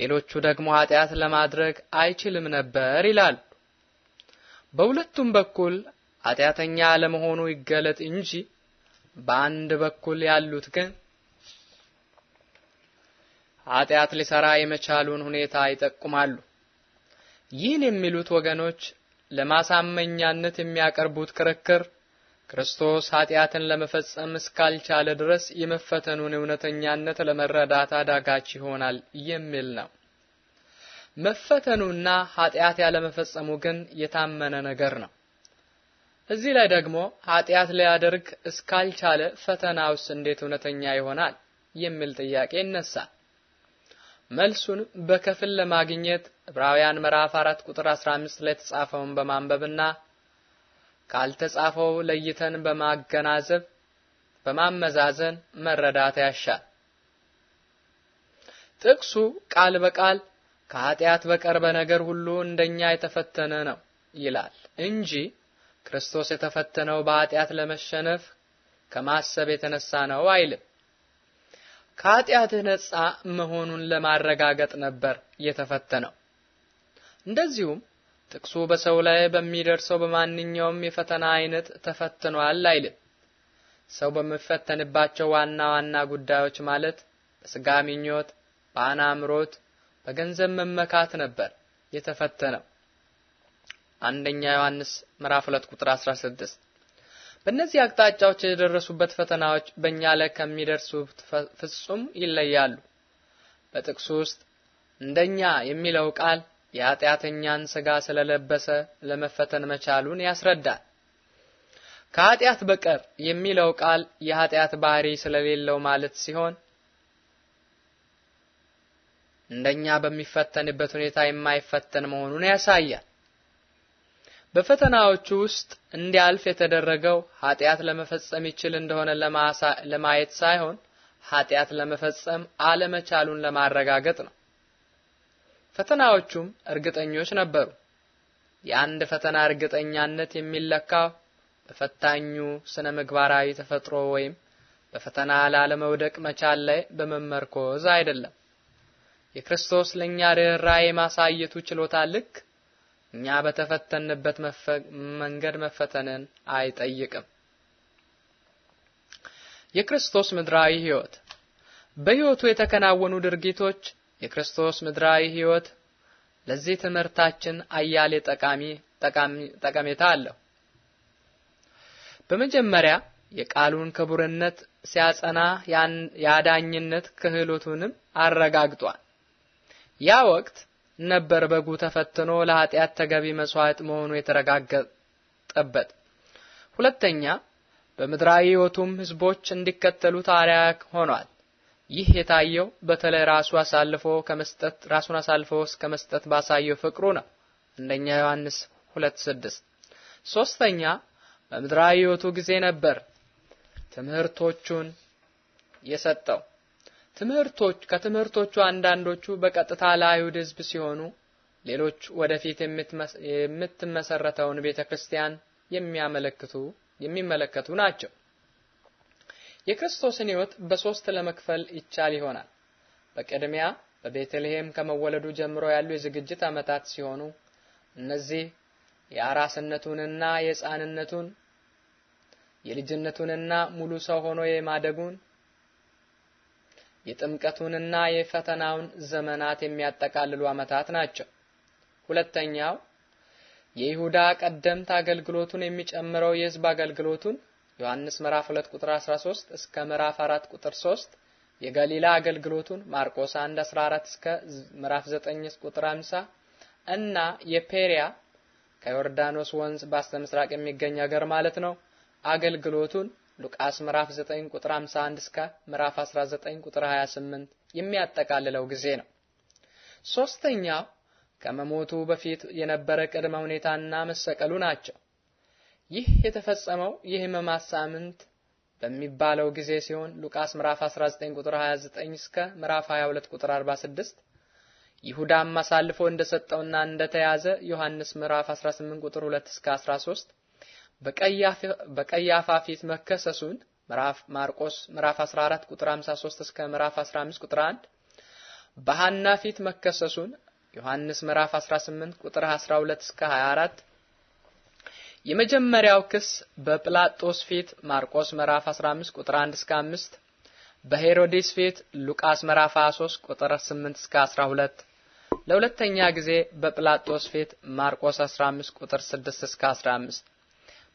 ሌሎቹ ደግሞ ኃጢአት ለማድረግ አይችልም ነበር ይላሉ። በሁለቱም በኩል ኃጢአተኛ ለመሆኑ ይገለጥ እንጂ በአንድ በኩል ያሉት ግን ኃጢአት ሊሰራ የመቻሉን ሁኔታ ይጠቁማሉ። ይህን የሚሉት ወገኖች ለማሳመኛነት የሚያቀርቡት ክርክር ክርስቶስ ኃጢአትን ለመፈጸም እስካልቻለ ድረስ የመፈተኑን እውነተኛነት ለመረዳት አዳጋች ይሆናል የሚል ነው። መፈተኑና ኃጢአት ያለመፈጸሙ ግን የታመነ ነገር ነው። እዚህ ላይ ደግሞ ኃጢአት ሊያደርግ እስካልቻለ ፈተናውስ እንዴት እውነተኛ ይሆናል የሚል ጥያቄ ይነሳል። መልሱን በከፍል ለማግኘት ዕብራውያን ምዕራፍ 4 ቁጥር 15 ላይ የተጻፈውን በማንበብና ካልተጻፈው ለይተን በማገናዘብ በማመዛዘን መረዳት ያሻል። ጥቅሱ ቃል በቃል ከኃጢአት በቀር በነገር ሁሉ እንደኛ የተፈተነ ነው ይላል እንጂ ክርስቶስ የተፈተነው በኃጢአት ለመሸነፍ ከማሰብ የተነሳ ነው አይልም። ከኃጢአት ነጻ መሆኑን ለማረጋገጥ ነበር የተፈተነው። እንደዚሁም ጥቅሱ በሰው ላይ በሚደርሰው በማንኛውም የፈተና አይነት ተፈትኗል አይልም። ሰው በሚፈተንባቸው ዋና ዋና ጉዳዮች ማለት በስጋ ምኞት፣ በአናምሮት፣ በገንዘብ መመካት ነበር የተፈተነው። አንደኛ ዮሐንስ ምዕራፍ 2 ቁጥር 16። በእነዚህ አቅጣጫዎች የደረሱበት ፈተናዎች በእኛ ላይ ከሚደርሱት ፍጹም ይለያሉ። በጥቅሱ ውስጥ እንደኛ የሚለው ቃል የኃጢአተኛን ሥጋ ስለለበሰ ለመፈተን መቻሉን ያስረዳል። ከኃጢአት በቀር የሚለው ቃል የኃጢአት ባህሪ ስለሌለው ማለት ሲሆን እንደኛ በሚፈተንበት ሁኔታ የማይፈተን መሆኑን ያሳያል። በፈተናዎቹ ውስጥ እንዲያልፍ የተደረገው ኃጢአት ለመፈጸም ይችል እንደሆነ ለማየት ሳይሆን ኃጢአት ለመፈጸም አለመቻሉን ለማረጋገጥ ነው። ፈተናዎቹም እርግጠኞች ነበሩ። የአንድ ፈተና እርግጠኛነት የሚለካው በፈታኙ ስነ ምግባራዊ ተፈጥሮ ወይም በፈተና ላለመውደቅ መቻል ላይ በመመርኮዝ አይደለም። የክርስቶስ ለእኛ ርኅራኄ ማሳየቱ ችሎታ ልክ እኛ በተፈተንበት መንገድ መፈተንን አይጠይቅም። የክርስቶስ ምድራዊ ሕይወት በሕይወቱ የተከናወኑ ድርጊቶች የክርስቶስ ምድራዊ ህይወት ለዚህ ትምህርታችን አያሌ ጠቃሚ ጠቀሜታ አለው። በመጀመሪያ የቃሉን ክቡርነት ሲያጸና የአዳኝነት ክህሎቱንም አረጋግጧል። ያ ወቅት ነበር በጉ ተፈትኖ ለኃጢአት ተገቢ መስዋዕት መሆኑ የተረጋገጠበት። ሁለተኛ በምድራዊ ህይወቱም ህዝቦች እንዲከተሉት አርአያ ሆኗል። ይህ የታየው በተለይ ራሱ አሳልፎ ከመስጠት ራሱን አሳልፎ እስከ መስጠት ባሳየው ፍቅሩ ነው። አንደኛ ዮሐንስ 2:6 ሶስተኛ በምድራዊ ሕይወቱ ጊዜ ነበር ትምህርቶቹን የሰጠው። ትምህርቶች ከትምህርቶቹ አንዳንዶቹ በቀጥታ ለአይሁድ ሕዝብ ሲሆኑ፣ ሌሎች ወደፊት የምትመሰረተውን ቤተክርስቲያን የሚያመለክቱ የሚመለከቱ ናቸው። የክርስቶስን ህይወት በሶስት ለመክፈል ይቻል ይሆናል። በቅድሚያ በቤተልሔም ከመወለዱ ጀምሮ ያሉ የዝግጅት ዓመታት ሲሆኑ እነዚህ የአራስነቱንና የህፃንነቱን፣ የልጅነቱንና ሙሉ ሰው ሆኖ የማደጉን የጥምቀቱንና የፈተናውን ዘመናት የሚያጠቃልሉ ዓመታት ናቸው። ሁለተኛው የይሁዳ ቀደምት አገልግሎቱን የሚጨምረው የህዝብ አገልግሎቱን ዮሐንስ ምዕራፍ 2 ቁጥር 13 እስከ ምዕራፍ 4 ቁጥር 3 የገሊላ አገልግሎቱን ማርቆስ 1 14 እስከ ምዕራፍ 9 ቁጥር 50 እና የፔሪያ ከዮርዳኖስ ወንዝ በስተምስራቅ የሚገኝ ሀገር ማለት ነው አገልግሎቱን ሉቃስ ምዕራፍ 9 ቁጥር 51 እስከ ምዕራፍ 19 ቁጥር 28 የሚያጠቃልለው ጊዜ ነው። ሶስተኛው ከመሞቱ በፊት የነበረ ቅድመ ሁኔታና መሰቀሉ ናቸው። ይህ የተፈጸመው የሕማማት ሳምንት በሚባለው ጊዜ ሲሆን ሉቃስ ምዕራፍ 19 ቁጥር 29 እስከ ምዕራፍ 22 ቁጥር 46 ይሁዳም አሳልፎ እንደሰጠውና እንደተያዘ ዮሐንስ ምዕራፍ 18 ቁጥር 2 እስከ 13 በቀያፋ ፊት መከሰሱን ምዕራፍ ማርቆስ ምዕራፍ 14 ቁጥር 53 እስከ ምዕራፍ 15 ቁጥር 1 በሐና ፊት መከሰሱን ዮሐንስ ምዕራፍ 18 ቁጥር 12 እስከ 24 የመጀመሪያው ክስ በጲላጦስ ፊት ማርቆስ ምዕራፍ 15 ቁጥር 1 እስከ 5፣ በሄሮድስ ፊት ሉቃስ ምዕራፍ 23 ቁጥር 8 እስከ 12፣ ለሁለተኛ ጊዜ በጲላጦስ ፊት ማርቆስ 15 ቁጥር 6 እስከ 15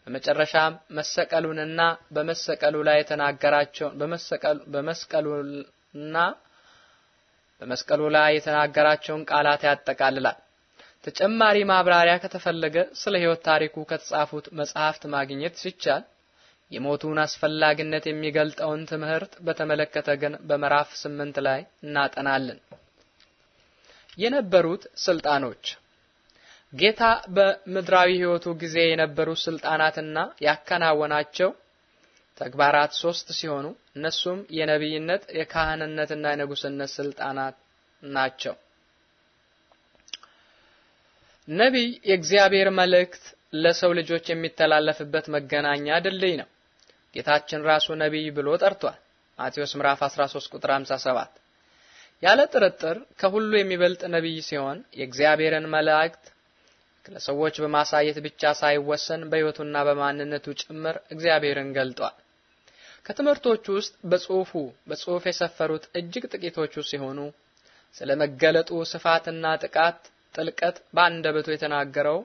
በመጨረሻም መሰቀሉንና በመሰቀሉ ላይ የተናገራቸውን በመስቀሉና በመስቀሉ ላይ የተናገራቸውን ቃላት ያጠቃልላል። ተጨማሪ ማብራሪያ ከተፈለገ ስለ ሕይወት ታሪኩ ከተጻፉት መጽሐፍት ማግኘት ሲቻል የሞቱን አስፈላጊነት የሚገልጠውን ትምህርት በተመለከተ ግን በምዕራፍ ስምንት ላይ እናጠናለን። የነበሩት ስልጣኖች ጌታ በምድራዊ ሕይወቱ ጊዜ የነበሩት ስልጣናትና ያከናወናቸው ተግባራት ሶስት ሲሆኑ እነሱም የነቢይነት፣ የካህንነትና የንጉስነት ስልጣናት ናቸው። ነቢይ የእግዚአብሔር መልእክት ለሰው ልጆች የሚተላለፍበት መገናኛ ድልድይ ነው። ጌታችን ራሱ ነቢይ ብሎ ጠርቷል። ማቴዎስ ምዕራፍ 13 ቁጥር 57 ያለ ጥርጥር ከሁሉ የሚበልጥ ነቢይ ሲሆን የእግዚአብሔርን መላእክት ለሰዎች በማሳየት ብቻ ሳይወሰን በሕይወቱና በማንነቱ ጭምር እግዚአብሔርን ገልጧል። ከትምህርቶቹ ውስጥ በጽሁፉ በጽሑፍ የሰፈሩት እጅግ ጥቂቶቹ ሲሆኑ ስለ መገለጡ ስፋትና ጥቃት ጥልቀት በአንደበቱ የተናገረው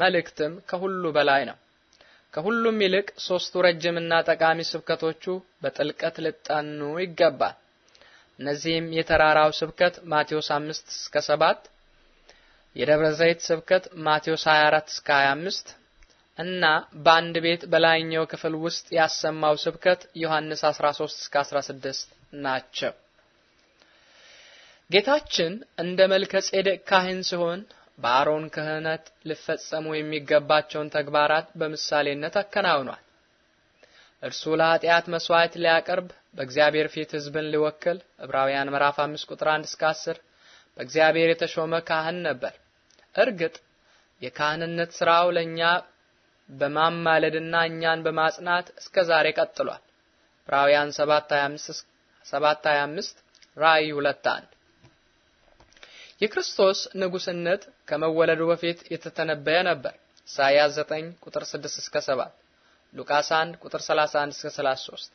መልእክትም ከሁሉ በላይ ነው። ከሁሉም ይልቅ ሶስቱ ረጅምና ጠቃሚ ስብከቶቹ በጥልቀት ሊጠኑ ይገባል። እነዚህም የተራራው ስብከት ማቴዎስ 5 እስከ 7፣ የደብረ ዘይት ስብከት ማቴዎስ 24 እስከ 25 እና በአንድ ቤት በላይኛው ክፍል ውስጥ ያሰማው ስብከት ዮሐንስ 13 እስከ 16 ናቸው። ጌታችን እንደ መልከ ጼዴቅ ካህን ሲሆን በአሮን ክህነት ሊፈጸሙ የሚገባቸውን ተግባራት በምሳሌነት አከናውኗል። እርሱ ለኃጢአት መስዋዕት ሊያቀርብ በእግዚአብሔር ፊት ሕዝብን ሊወክል ዕብራውያን ምዕራፍ 5 ቁጥር 1 እስከ 10 በእግዚአብሔር የተሾመ ካህን ነበር። እርግጥ የካህንነት ሥራው ለኛ በማማለድና እኛን በማጽናት እስከ ዛሬ ቀጥሏል። ዕብራውያን 7:25 7:25 ራእይ 2:1 የክርስቶስ ንጉስነት ከመወለዱ በፊት የተተነበየ ነበር። ኢሳይያስ 9 ቁጥር 6 እስከ 7፣ ሉቃስ 1 ቁጥር 31 እስከ 33።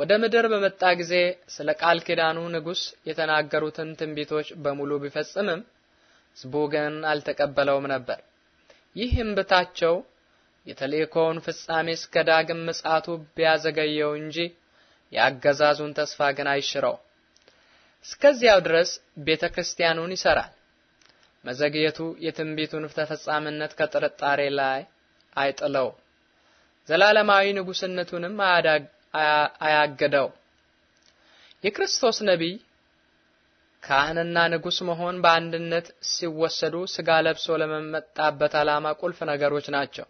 ወደ ምድር በመጣ ጊዜ ስለ ቃል ኪዳኑ ንጉስ የተናገሩትን ትንቢቶች በሙሉ ቢፈጽምም ሕዝቡ ግን አልተቀበለውም ነበር። ይህ እምብታቸው የተልእኮውን ፍጻሜ እስከ ዳግም ምጽአቱ ቢያዘገየው እንጂ የአገዛዙን ተስፋ ግን አይሽረው። እስከዚያው ድረስ ቤተ ክርስቲያኑን ይሰራል። መዘግየቱ የትንቢቱን ተፈጻሚነት ከጥርጣሬ ላይ አይጥለው ዘላለማዊ ንጉስነቱንም አያገደው። የክርስቶስ ነቢይ ካህንና ንጉስ መሆን በአንድነት ሲወሰዱ ስጋ ለብሶ ለመመጣበት ዓላማ ቁልፍ ነገሮች ናቸው።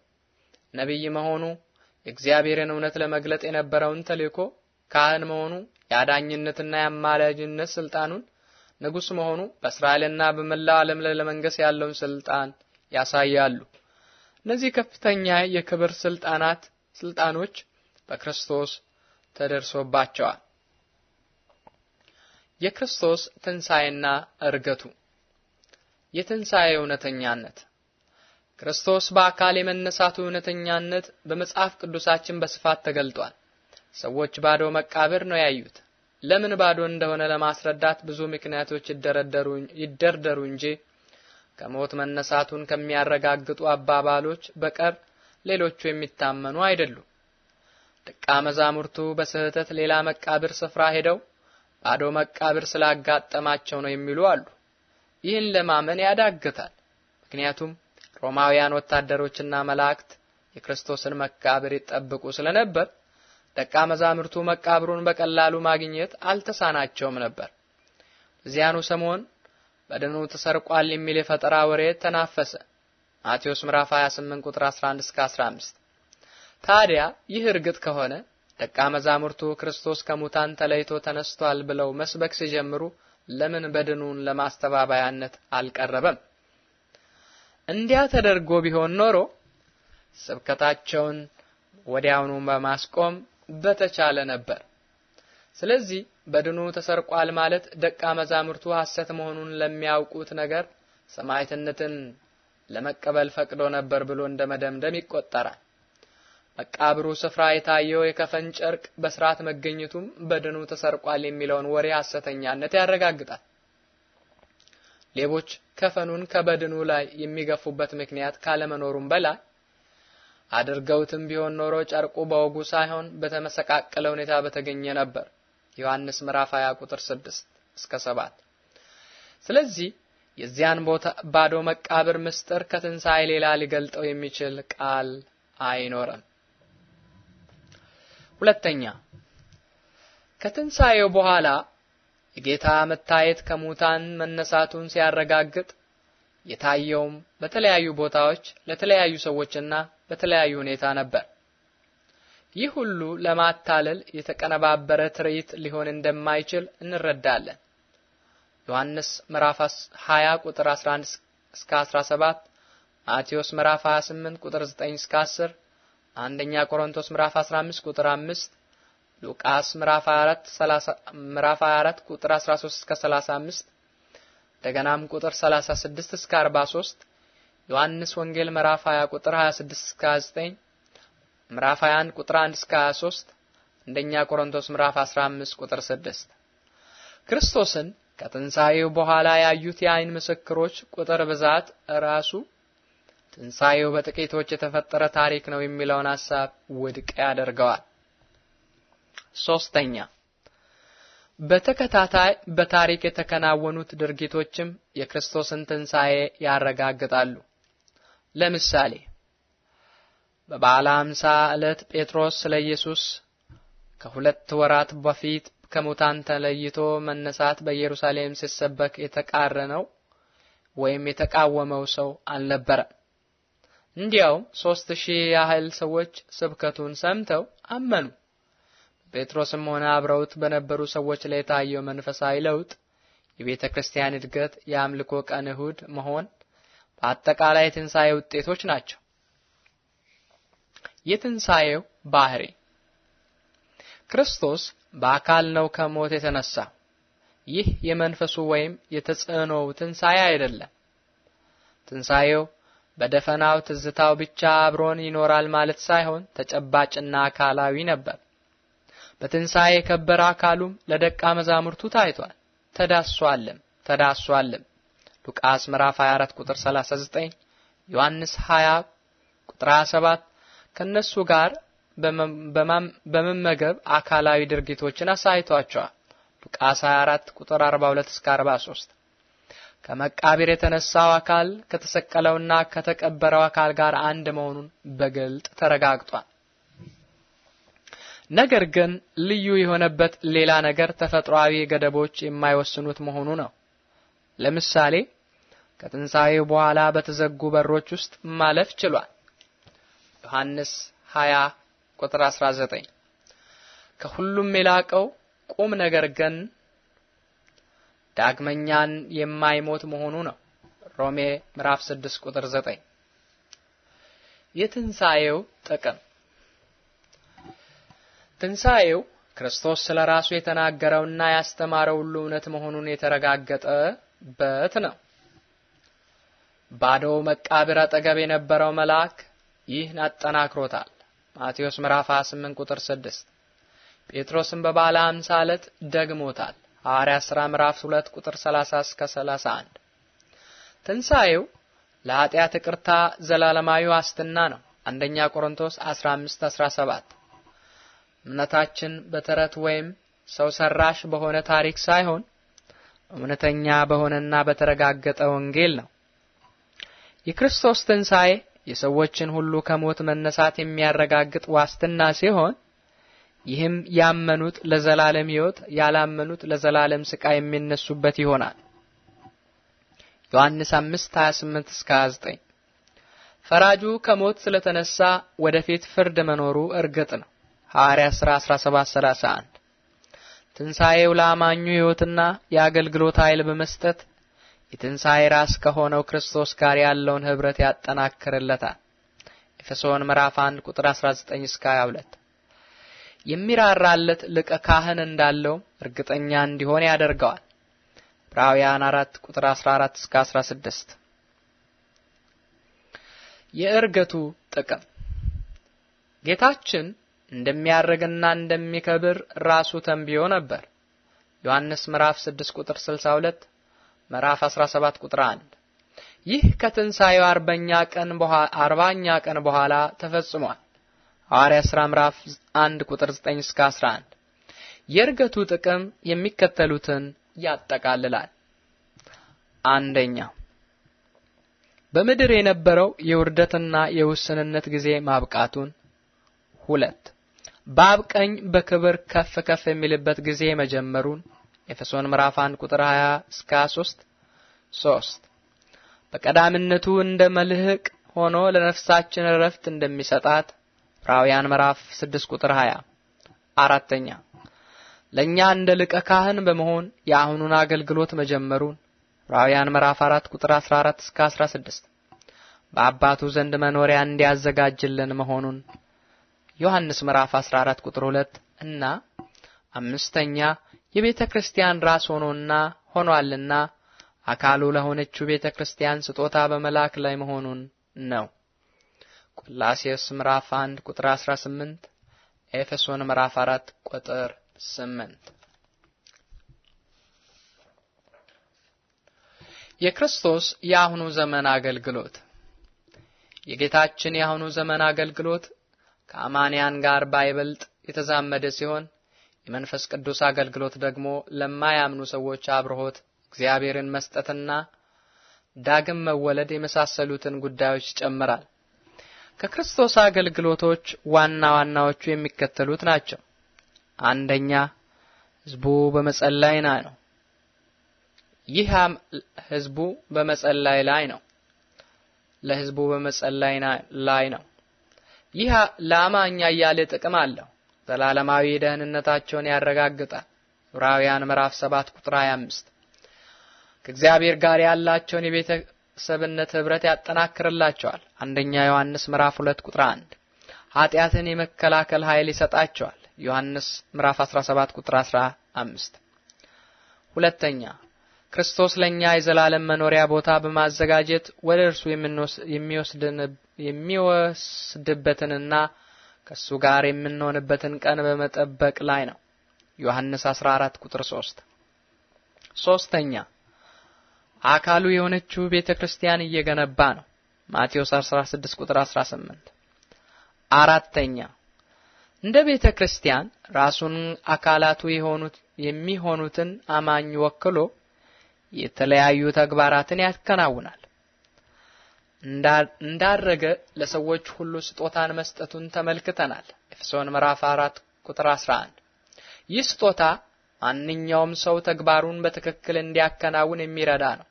ነቢይ መሆኑ የእግዚአብሔርን እውነት ለመግለጥ የነበረውን ተልእኮ፣ ካህን መሆኑ የአዳኝነትና የአማላጅነት ስልጣኑን ንጉስ መሆኑ በእስራኤልና በመላው ዓለም ለመንገስ ያለውን ስልጣን ያሳያሉ። እነዚህ ከፍተኛ የክብር ስልጣናት ስልጣኖች በክርስቶስ ተደርሶባቸዋል። የክርስቶስ ትንሣኤና እርገቱ የትንሣኤ እውነተኛነት ክርስቶስ በአካል የመነሳቱ እውነተኛነት በመጽሐፍ ቅዱሳችን በስፋት ተገልጧል። ሰዎች ባዶ መቃብር ነው ያዩት። ለምን ባዶ እንደሆነ ለማስረዳት ብዙ ምክንያቶች ይደርደሩ እንጂ ከሞት መነሳቱን ከሚያረጋግጡ አባባሎች በቀር ሌሎቹ የሚታመኑ አይደሉም። ደቀ መዛሙርቱ በስህተት ሌላ መቃብር ስፍራ ሄደው ባዶ መቃብር ስላጋጠማቸው ነው የሚሉ አሉ። ይህን ለማመን ያዳግታል። ምክንያቱም ሮማውያን ወታደሮችና መላእክት የክርስቶስን መቃብር ይጠብቁ ስለነበር ደቀ መዛሙርቱ መቃብሩን በቀላሉ ማግኘት አልተሳናቸውም ነበር። በዚያኑ ሰሞን በደኑ ተሰርቋል የሚል የፈጠራ ወሬ ተናፈሰ። ማቴዎስ ምዕራፍ 28 ቁጥር 11 እስከ 15። ታዲያ ይህ እርግጥ ከሆነ ደቀ መዛሙርቱ ክርስቶስ ከሙታን ተለይቶ ተነስቷል ብለው መስበክ ሲጀምሩ ለምን በድኑን ለማስተባበያነት አልቀረበም? እንዲያ ተደርጎ ቢሆን ኖሮ ስብከታቸውን ወዲያውኑ በማስቆም በተቻለ ነበር። ስለዚህ በድኑ ተሰርቋል ማለት ደቀ መዛሙርቱ ሐሰት መሆኑን ለሚያውቁት ነገር ሰማዕትነትን ለመቀበል ፈቅዶ ነበር ብሎ እንደ መደምደም ይቆጠራል። መቃብሩ ስፍራ የታየው የከፈን ጨርቅ በስርዓት መገኘቱም በድኑ ተሰርቋል የሚለውን ወሬ ሐሰተኛነት ያረጋግጣል። ሌቦች ከፈኑን ከበድኑ ላይ የሚገፉበት ምክንያት ካለመኖሩም በላይ አድርገውትም ቢሆን ኖሮ ጨርቁ በወጉ ሳይሆን በተመሰቃቀለ ሁኔታ በተገኘ ነበር። ዮሐንስ ምዕራፍ 20 ቁጥር 6 እስከ 7። ስለዚህ የዚያን ቦታ ባዶ መቃብር ምስጢር ከትንሣኤ ሌላ ሊገልጠው የሚችል ቃል አይኖርም። ሁለተኛ ከትንሣኤው በኋላ የጌታ መታየት ከሙታን መነሳቱን ሲያረጋግጥ የታየውም በተለያዩ ቦታዎች ለተለያዩ ሰዎችና በተለያዩ ሁኔታ ነበር። ይህ ሁሉ ለማታለል የተቀነባበረ ትርኢት ሊሆን እንደማይችል እንረዳለን። ዮሐንስ ምዕራፍ 20 ቁጥር 11 እስከ 17፣ ማቴዎስ ምዕራፍ 28 ቁጥር 9 እስከ 10፣ አንደኛ ቆሮንቶስ ምዕራፍ 15 ቁጥር 5፣ ሉቃስ ምዕራፍ 24 30 ምዕራፍ 24 ቁጥር 13 እስከ 35 እንደገናም ቁጥር 36 እስከ 43 ዮሐንስ ወንጌል ምዕራፍ 20 ቁጥር 26 እስከ 29 ምዕራፍ 21 ቁጥር 1 እስከ 23 አንደኛ ቆሮንቶስ ምዕራፍ 15 ቁጥር 6 ክርስቶስን ከትንሣኤው በኋላ ያዩት የአይን ምስክሮች ቁጥር ብዛት ራሱ ትንሣኤው በጥቂቶች የተፈጠረ ታሪክ ነው የሚለውን ሐሳብ ውድቅ ያደርገዋል። ሶስተኛ በተከታታይ በታሪክ የተከናወኑት ድርጊቶችም የክርስቶስን ትንሣኤ ያረጋግጣሉ። ለምሳሌ በበዓለ ሃምሳ ዕለት ጴጥሮስ ስለ ኢየሱስ ከሁለት ወራት በፊት ከሙታን ተለይቶ መነሳት በኢየሩሳሌም ሲሰበክ የተቃረነው ወይም የተቃወመው ሰው አልነበረም። እንዲያውም ሶስት ሺህ ያህል ሰዎች ስብከቱን ሰምተው አመኑ። ጴጥሮስም ሆነ አብረውት በነበሩ ሰዎች ላይ የታየው መንፈሳዊ ለውጥ፣ የቤተ ክርስቲያን እድገት፣ የአምልኮ ቀን እሁድ መሆን አጠቃላይ የትንሣኤ ውጤቶች ናቸው። የትንሣኤው ባህሪ ክርስቶስ በአካል ነው ከሞት የተነሳ። ይህ የመንፈሱ ወይም የተጽዕኖው ትንሣኤ አይደለም። ትንሣኤው በደፈናው ትዝታው ብቻ አብሮን ይኖራል ማለት ሳይሆን ተጨባጭና አካላዊ ነበር። በትንሣኤ የከበረ አካሉም ለደቀ መዛሙርቱ ታይቷል፣ ተዳሷልም ተዳሷልም። ሉቃስ ምዕራፍ 24 ቁጥር 39፣ ዮሐንስ 20 ቁጥር 27 ከነሱ ጋር በመመገብ አካላዊ ድርጊቶችን አሳይቷቸዋል። ሉቃስ 24 ቁጥር 42 እስከ 43 ከመቃብር የተነሳው አካል ከተሰቀለውና ከተቀበረው አካል ጋር አንድ መሆኑን በግልጥ ተረጋግጧል። ነገር ግን ልዩ የሆነበት ሌላ ነገር ተፈጥሯዊ ገደቦች የማይወስኑት መሆኑ ነው። ለምሳሌ ከትንሣኤ በኋላ በተዘጉ በሮች ውስጥ ማለፍ ችሏል። ዮሐንስ 20 ቁጥር 19። ከሁሉም የላቀው ቁም ነገር ግን ዳግመኛን የማይሞት መሆኑ ነው። ሮሜ ምዕራፍ 6 ቁጥር 9። የትንሣኤው ጥቅም ትንሣኤው ክርስቶስ ስለ ራሱ የተናገረውና ያስተማረው ሁሉ እውነት መሆኑን የተረጋገጠ በት ነው። ባዶ መቃብር አጠገብ የነበረው መልአክ ይህን አጠናክሮታል። ማቴዎስ ምዕራፍ 28 ቁጥር 6 ጴጥሮስን በባለ 50 ዓለት ደግሞታል። ሐዋርያት ሥራ ምዕራፍ 2 ቁጥር 30 እስከ 31 ትንሣኤው ለኃጢአት ይቅርታ ዘላለማዊ ዋስትና ነው። አንደኛ ቆሮንቶስ 15 17 እምነታችን በተረት ወይም ሰው ሰራሽ በሆነ ታሪክ ሳይሆን እውነተኛ በሆነና በተረጋገጠ ወንጌል ነው። የክርስቶስ ትንሣኤ የሰዎችን ሁሉ ከሞት መነሳት የሚያረጋግጥ ዋስትና ሲሆን ይህም ያመኑት ለዘላለም ሕይወት፣ ያላመኑት ለዘላለም ስቃይ የሚነሱበት ይሆናል። ዮሐንስ 5:28 እስከ 29 ፈራጁ ከሞት ስለተነሳ ወደፊት ፍርድ መኖሩ እርግጥ ነው። ሐዋርያ ትንሣኤው ለአማኙ ሕይወትና የአገልግሎት ኃይል በመስጠት የትንሣኤ ራስ ከሆነው ክርስቶስ ጋር ያለውን ኅብረት ያጠናክርለታል። ኤፌሶን ምዕራፍ 1 ቁጥር 19 እስከ 22 የሚራራለት ልቀ ካህን እንዳለው እርግጠኛ እንዲሆን ያደርገዋል። ዕብራውያን 4 ቁጥር 14 እስከ 16 የእርገቱ ጥቅም ጌታችን እንደሚያርግና እንደሚከብር ራሱ ተንብዮ ነበር። ዮሐንስ ምዕራፍ 6 ቁጥር 62 ምዕራፍ 17 ቁጥር 1 ይህ ከትንሣኤው አርባኛ ቀን በኋላ አርባኛ ቀን በኋላ ተፈጽሟል። ሐዋርያ ሥራ ምዕራፍ 1 ቁጥር 9 እስከ 11 የእርገቱ ጥቅም የሚከተሉትን ያጠቃልላል። አንደኛ በምድር የነበረው የውርደትና የውስንነት ጊዜ ማብቃቱን። ሁለት በአብ ቀኝ በክብር ከፍ ከፍ የሚልበት ጊዜ መጀመሩን ኤፌሶን ምዕራፍ 1 ቁጥር 20 እስከ 23 3 በቀዳምነቱ እንደ መልህቅ ሆኖ ለነፍሳችን እረፍት እንደሚሰጣት ራውያን ምዕራፍ 6 ቁጥር 20 አራተኛ ለኛ እንደ ልቀ ካህን በመሆን የአሁኑን አገልግሎት መጀመሩን ራውያን ምዕራፍ 4 ቁጥር 14 እስከ 16 በአባቱ ዘንድ መኖሪያ እንዲያዘጋጅልን መሆኑን ዮሐንስ ምዕራፍ 14 ቁጥር 2 እና አምስተኛ የቤተ ክርስቲያን ራስ ሆኖና ሆኗልና አካሉ ለሆነችው ቤተ ክርስቲያን ስጦታ በመላክ ላይ መሆኑን ነው። ቆላሴስ ምዕራፍ 1 ቁጥር 18፣ ኤፌሶን ምዕራፍ 4 ቁጥር 8። የክርስቶስ የአሁኑ ዘመን አገልግሎት የጌታችን የአሁኑ ዘመን አገልግሎት ከአማንያን ጋር ባይበልጥ የተዛመደ ሲሆን የመንፈስ ቅዱስ አገልግሎት ደግሞ ለማያምኑ ሰዎች አብርሆት እግዚአብሔርን መስጠትና ዳግም መወለድ የመሳሰሉትን ጉዳዮች ይጨምራል። ከክርስቶስ አገልግሎቶች ዋና ዋናዎቹ የሚከተሉት ናቸው። አንደኛ ህዝቡ በመጸለይ ላይ ነው። ይህ ህዝቡ በመጸለይ ላይ ነው። ለህዝቡ በመጸለይ ላይ ነው። ይህ ላማ እኛ እያለ ጥቅም አለው። ዘላለማዊ ደህንነታቸውን ያረጋግጣል። ዕብራውያን ምዕራፍ 7 ቁጥር 25 ከእግዚአብሔር ጋር ያላቸውን የቤተሰብነት ህብረት ያጠናክርላቸዋል። አንደኛ ዮሐንስ ምዕራፍ 2 ቁጥር 1 ኃጢአትን የመከላከል ኃይል ይሰጣቸዋል። ዮሐንስ ምዕራፍ 17 ቁጥር 15 ሁለተኛ ክርስቶስ ለእኛ የዘላለም መኖሪያ ቦታ በማዘጋጀት ወደ እርሱ የሚወስድበትንና ከእሱ ጋር የምንሆንበትን ቀን በመጠበቅ ላይ ነው። ዮሐንስ 14 ቁጥር 3 ሶስተኛ አካሉ የሆነችው ቤተ ክርስቲያን እየገነባ ነው። ማቴዎስ 16 ቁጥር 18 አራተኛ እንደ ቤተ ክርስቲያን ራሱን አካላቱ የሆኑት የሚሆኑትን አማኝ ወክሎ የተለያዩ ተግባራትን ያከናውናል። እንዳረገ ለሰዎች ሁሉ ስጦታን መስጠቱን ተመልክተናል። ኤፌሶን ምዕራፍ 4 ቁጥር 11 ይህ ስጦታ ማንኛውም ሰው ተግባሩን በትክክል እንዲያከናውን የሚረዳ ነው።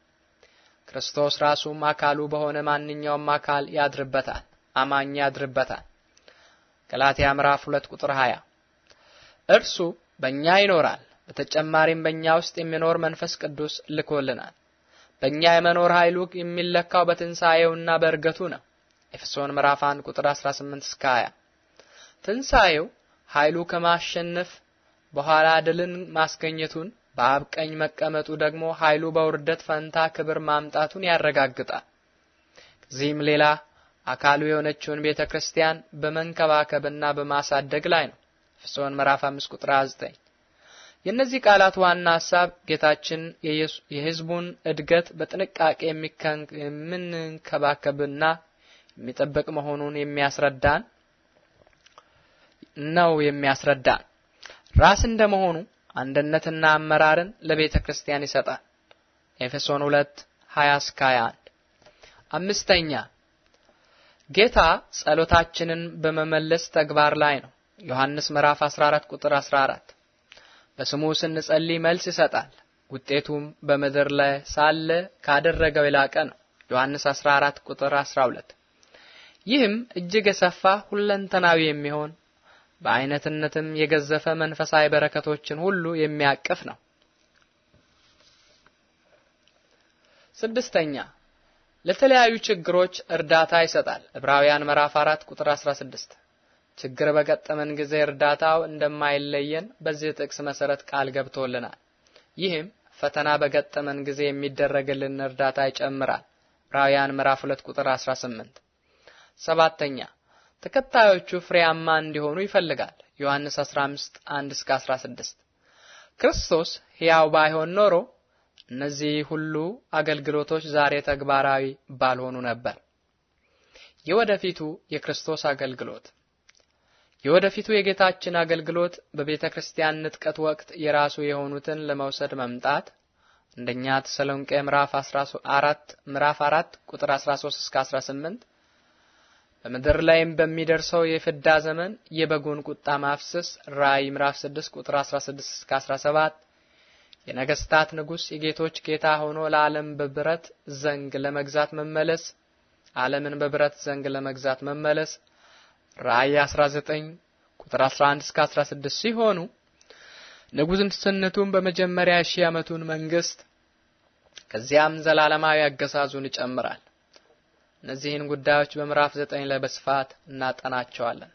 ክርስቶስ ራሱም አካሉ በሆነ ማንኛውም አካል ያድርበታል፣ አማኝ ያድርበታል። ገላትያ ምዕራፍ 2 ቁጥር 20 እርሱ በእኛ ይኖራል በተጨማሪም በእኛ ውስጥ የሚኖር መንፈስ ቅዱስ ልኮልናል። በእኛ የመኖር ኃይሉ የሚለካው በትንሣኤውና በእርገቱ ነው። ኤፌሶን ምዕራፍ 1 ቁጥር 18 እስከ 20። ትንሣኤው ኃይሉ ከማሸነፍ በኋላ ድልን ማስገኘቱን፣ በአብ ቀኝ መቀመጡ ደግሞ ኃይሉ በውርደት ፈንታ ክብር ማምጣቱን ያረጋግጣል። ከዚህም ሌላ አካሉ የሆነችውን ቤተ ክርስቲያን በመንከባከብና በማሳደግ ላይ ነው። ኤፌሶን ምዕራፍ 5 ቁጥር 9 የእነዚህ ቃላት ዋና ሐሳብ ጌታችን የሕዝቡን እድገት በጥንቃቄ የምንንከባከብና የሚጠበቅ መሆኑን የሚያስረዳን ነው የሚያስረዳን ራስ እንደመሆኑ አንድነትና አመራርን ለቤተ ክርስቲያን ይሰጣል። ኤፌሶን 2 20 እስከ 21 አምስተኛ ጌታ ጸሎታችንን በመመለስ ተግባር ላይ ነው። ዮሐንስ ምዕራፍ 14 ቁጥር 14 ለስሙ ስንጸልይ መልስ ይሰጣል። ውጤቱም በምድር ላይ ሳለ ካደረገው የላቀ ነው። ዮሐንስ 14 ቁጥር 12። ይህም እጅግ የሰፋ ሁለንተናዊ የሚሆን በአይነትነትም የገዘፈ መንፈሳዊ በረከቶችን ሁሉ የሚያቅፍ ነው። ስድስተኛ ለተለያዩ ችግሮች እርዳታ ይሰጣል። ዕብራውያን ምዕራፍ 4 ቁጥር 16 ችግር በገጠመን ጊዜ እርዳታው እንደማይለየን በዚህ ጥቅስ መሰረት ቃል ገብቶልናል። ይህም ፈተና በገጠመን ጊዜ የሚደረግልን እርዳታ ይጨምራል። ራውያን ምዕራፍ 2 ቁጥር 18። ሰባተኛ ተከታዮቹ ፍሬያማ እንዲሆኑ ይፈልጋል። ዮሐንስ 15 1 እስከ 16። ክርስቶስ ሕያው ባይሆን ኖሮ እነዚህ ሁሉ አገልግሎቶች ዛሬ ተግባራዊ ባልሆኑ ነበር። የወደፊቱ የክርስቶስ አገልግሎት የወደፊቱ የጌታችን አገልግሎት በቤተ ክርስቲያን ንጥቀት ወቅት የራሱ የሆኑትን ለመውሰድ መምጣት አንደኛ ተሰሎንቄ ምዕራፍ 14 ምዕራፍ 4 ቁጥር 13 እስከ 18 በምድር ላይም በሚደርሰው የፍዳ ዘመን የበጉን ቁጣ ማፍሰስ ራእይ ምዕራፍ 6 ቁጥር 16 እስከ 17 የነገስታት ንጉስ የጌቶች ጌታ ሆኖ ለዓለም በብረት ዘንግ ለመግዛት መመለስ ዓለምን በብረት ዘንግ ለመግዛት መመለስ ራእይ 19 ቁጥር 11 እስከ 16 ሲሆኑ ንጉሥነቱን በመጀመሪያ ሺህ ዓመቱን መንግስት ከዚያም ዘላለማዊ አገዛዙን ይጨምራል። እነዚህን ጉዳዮች በምዕራፍ 9 ላይ በስፋት እናጠናቸዋለን።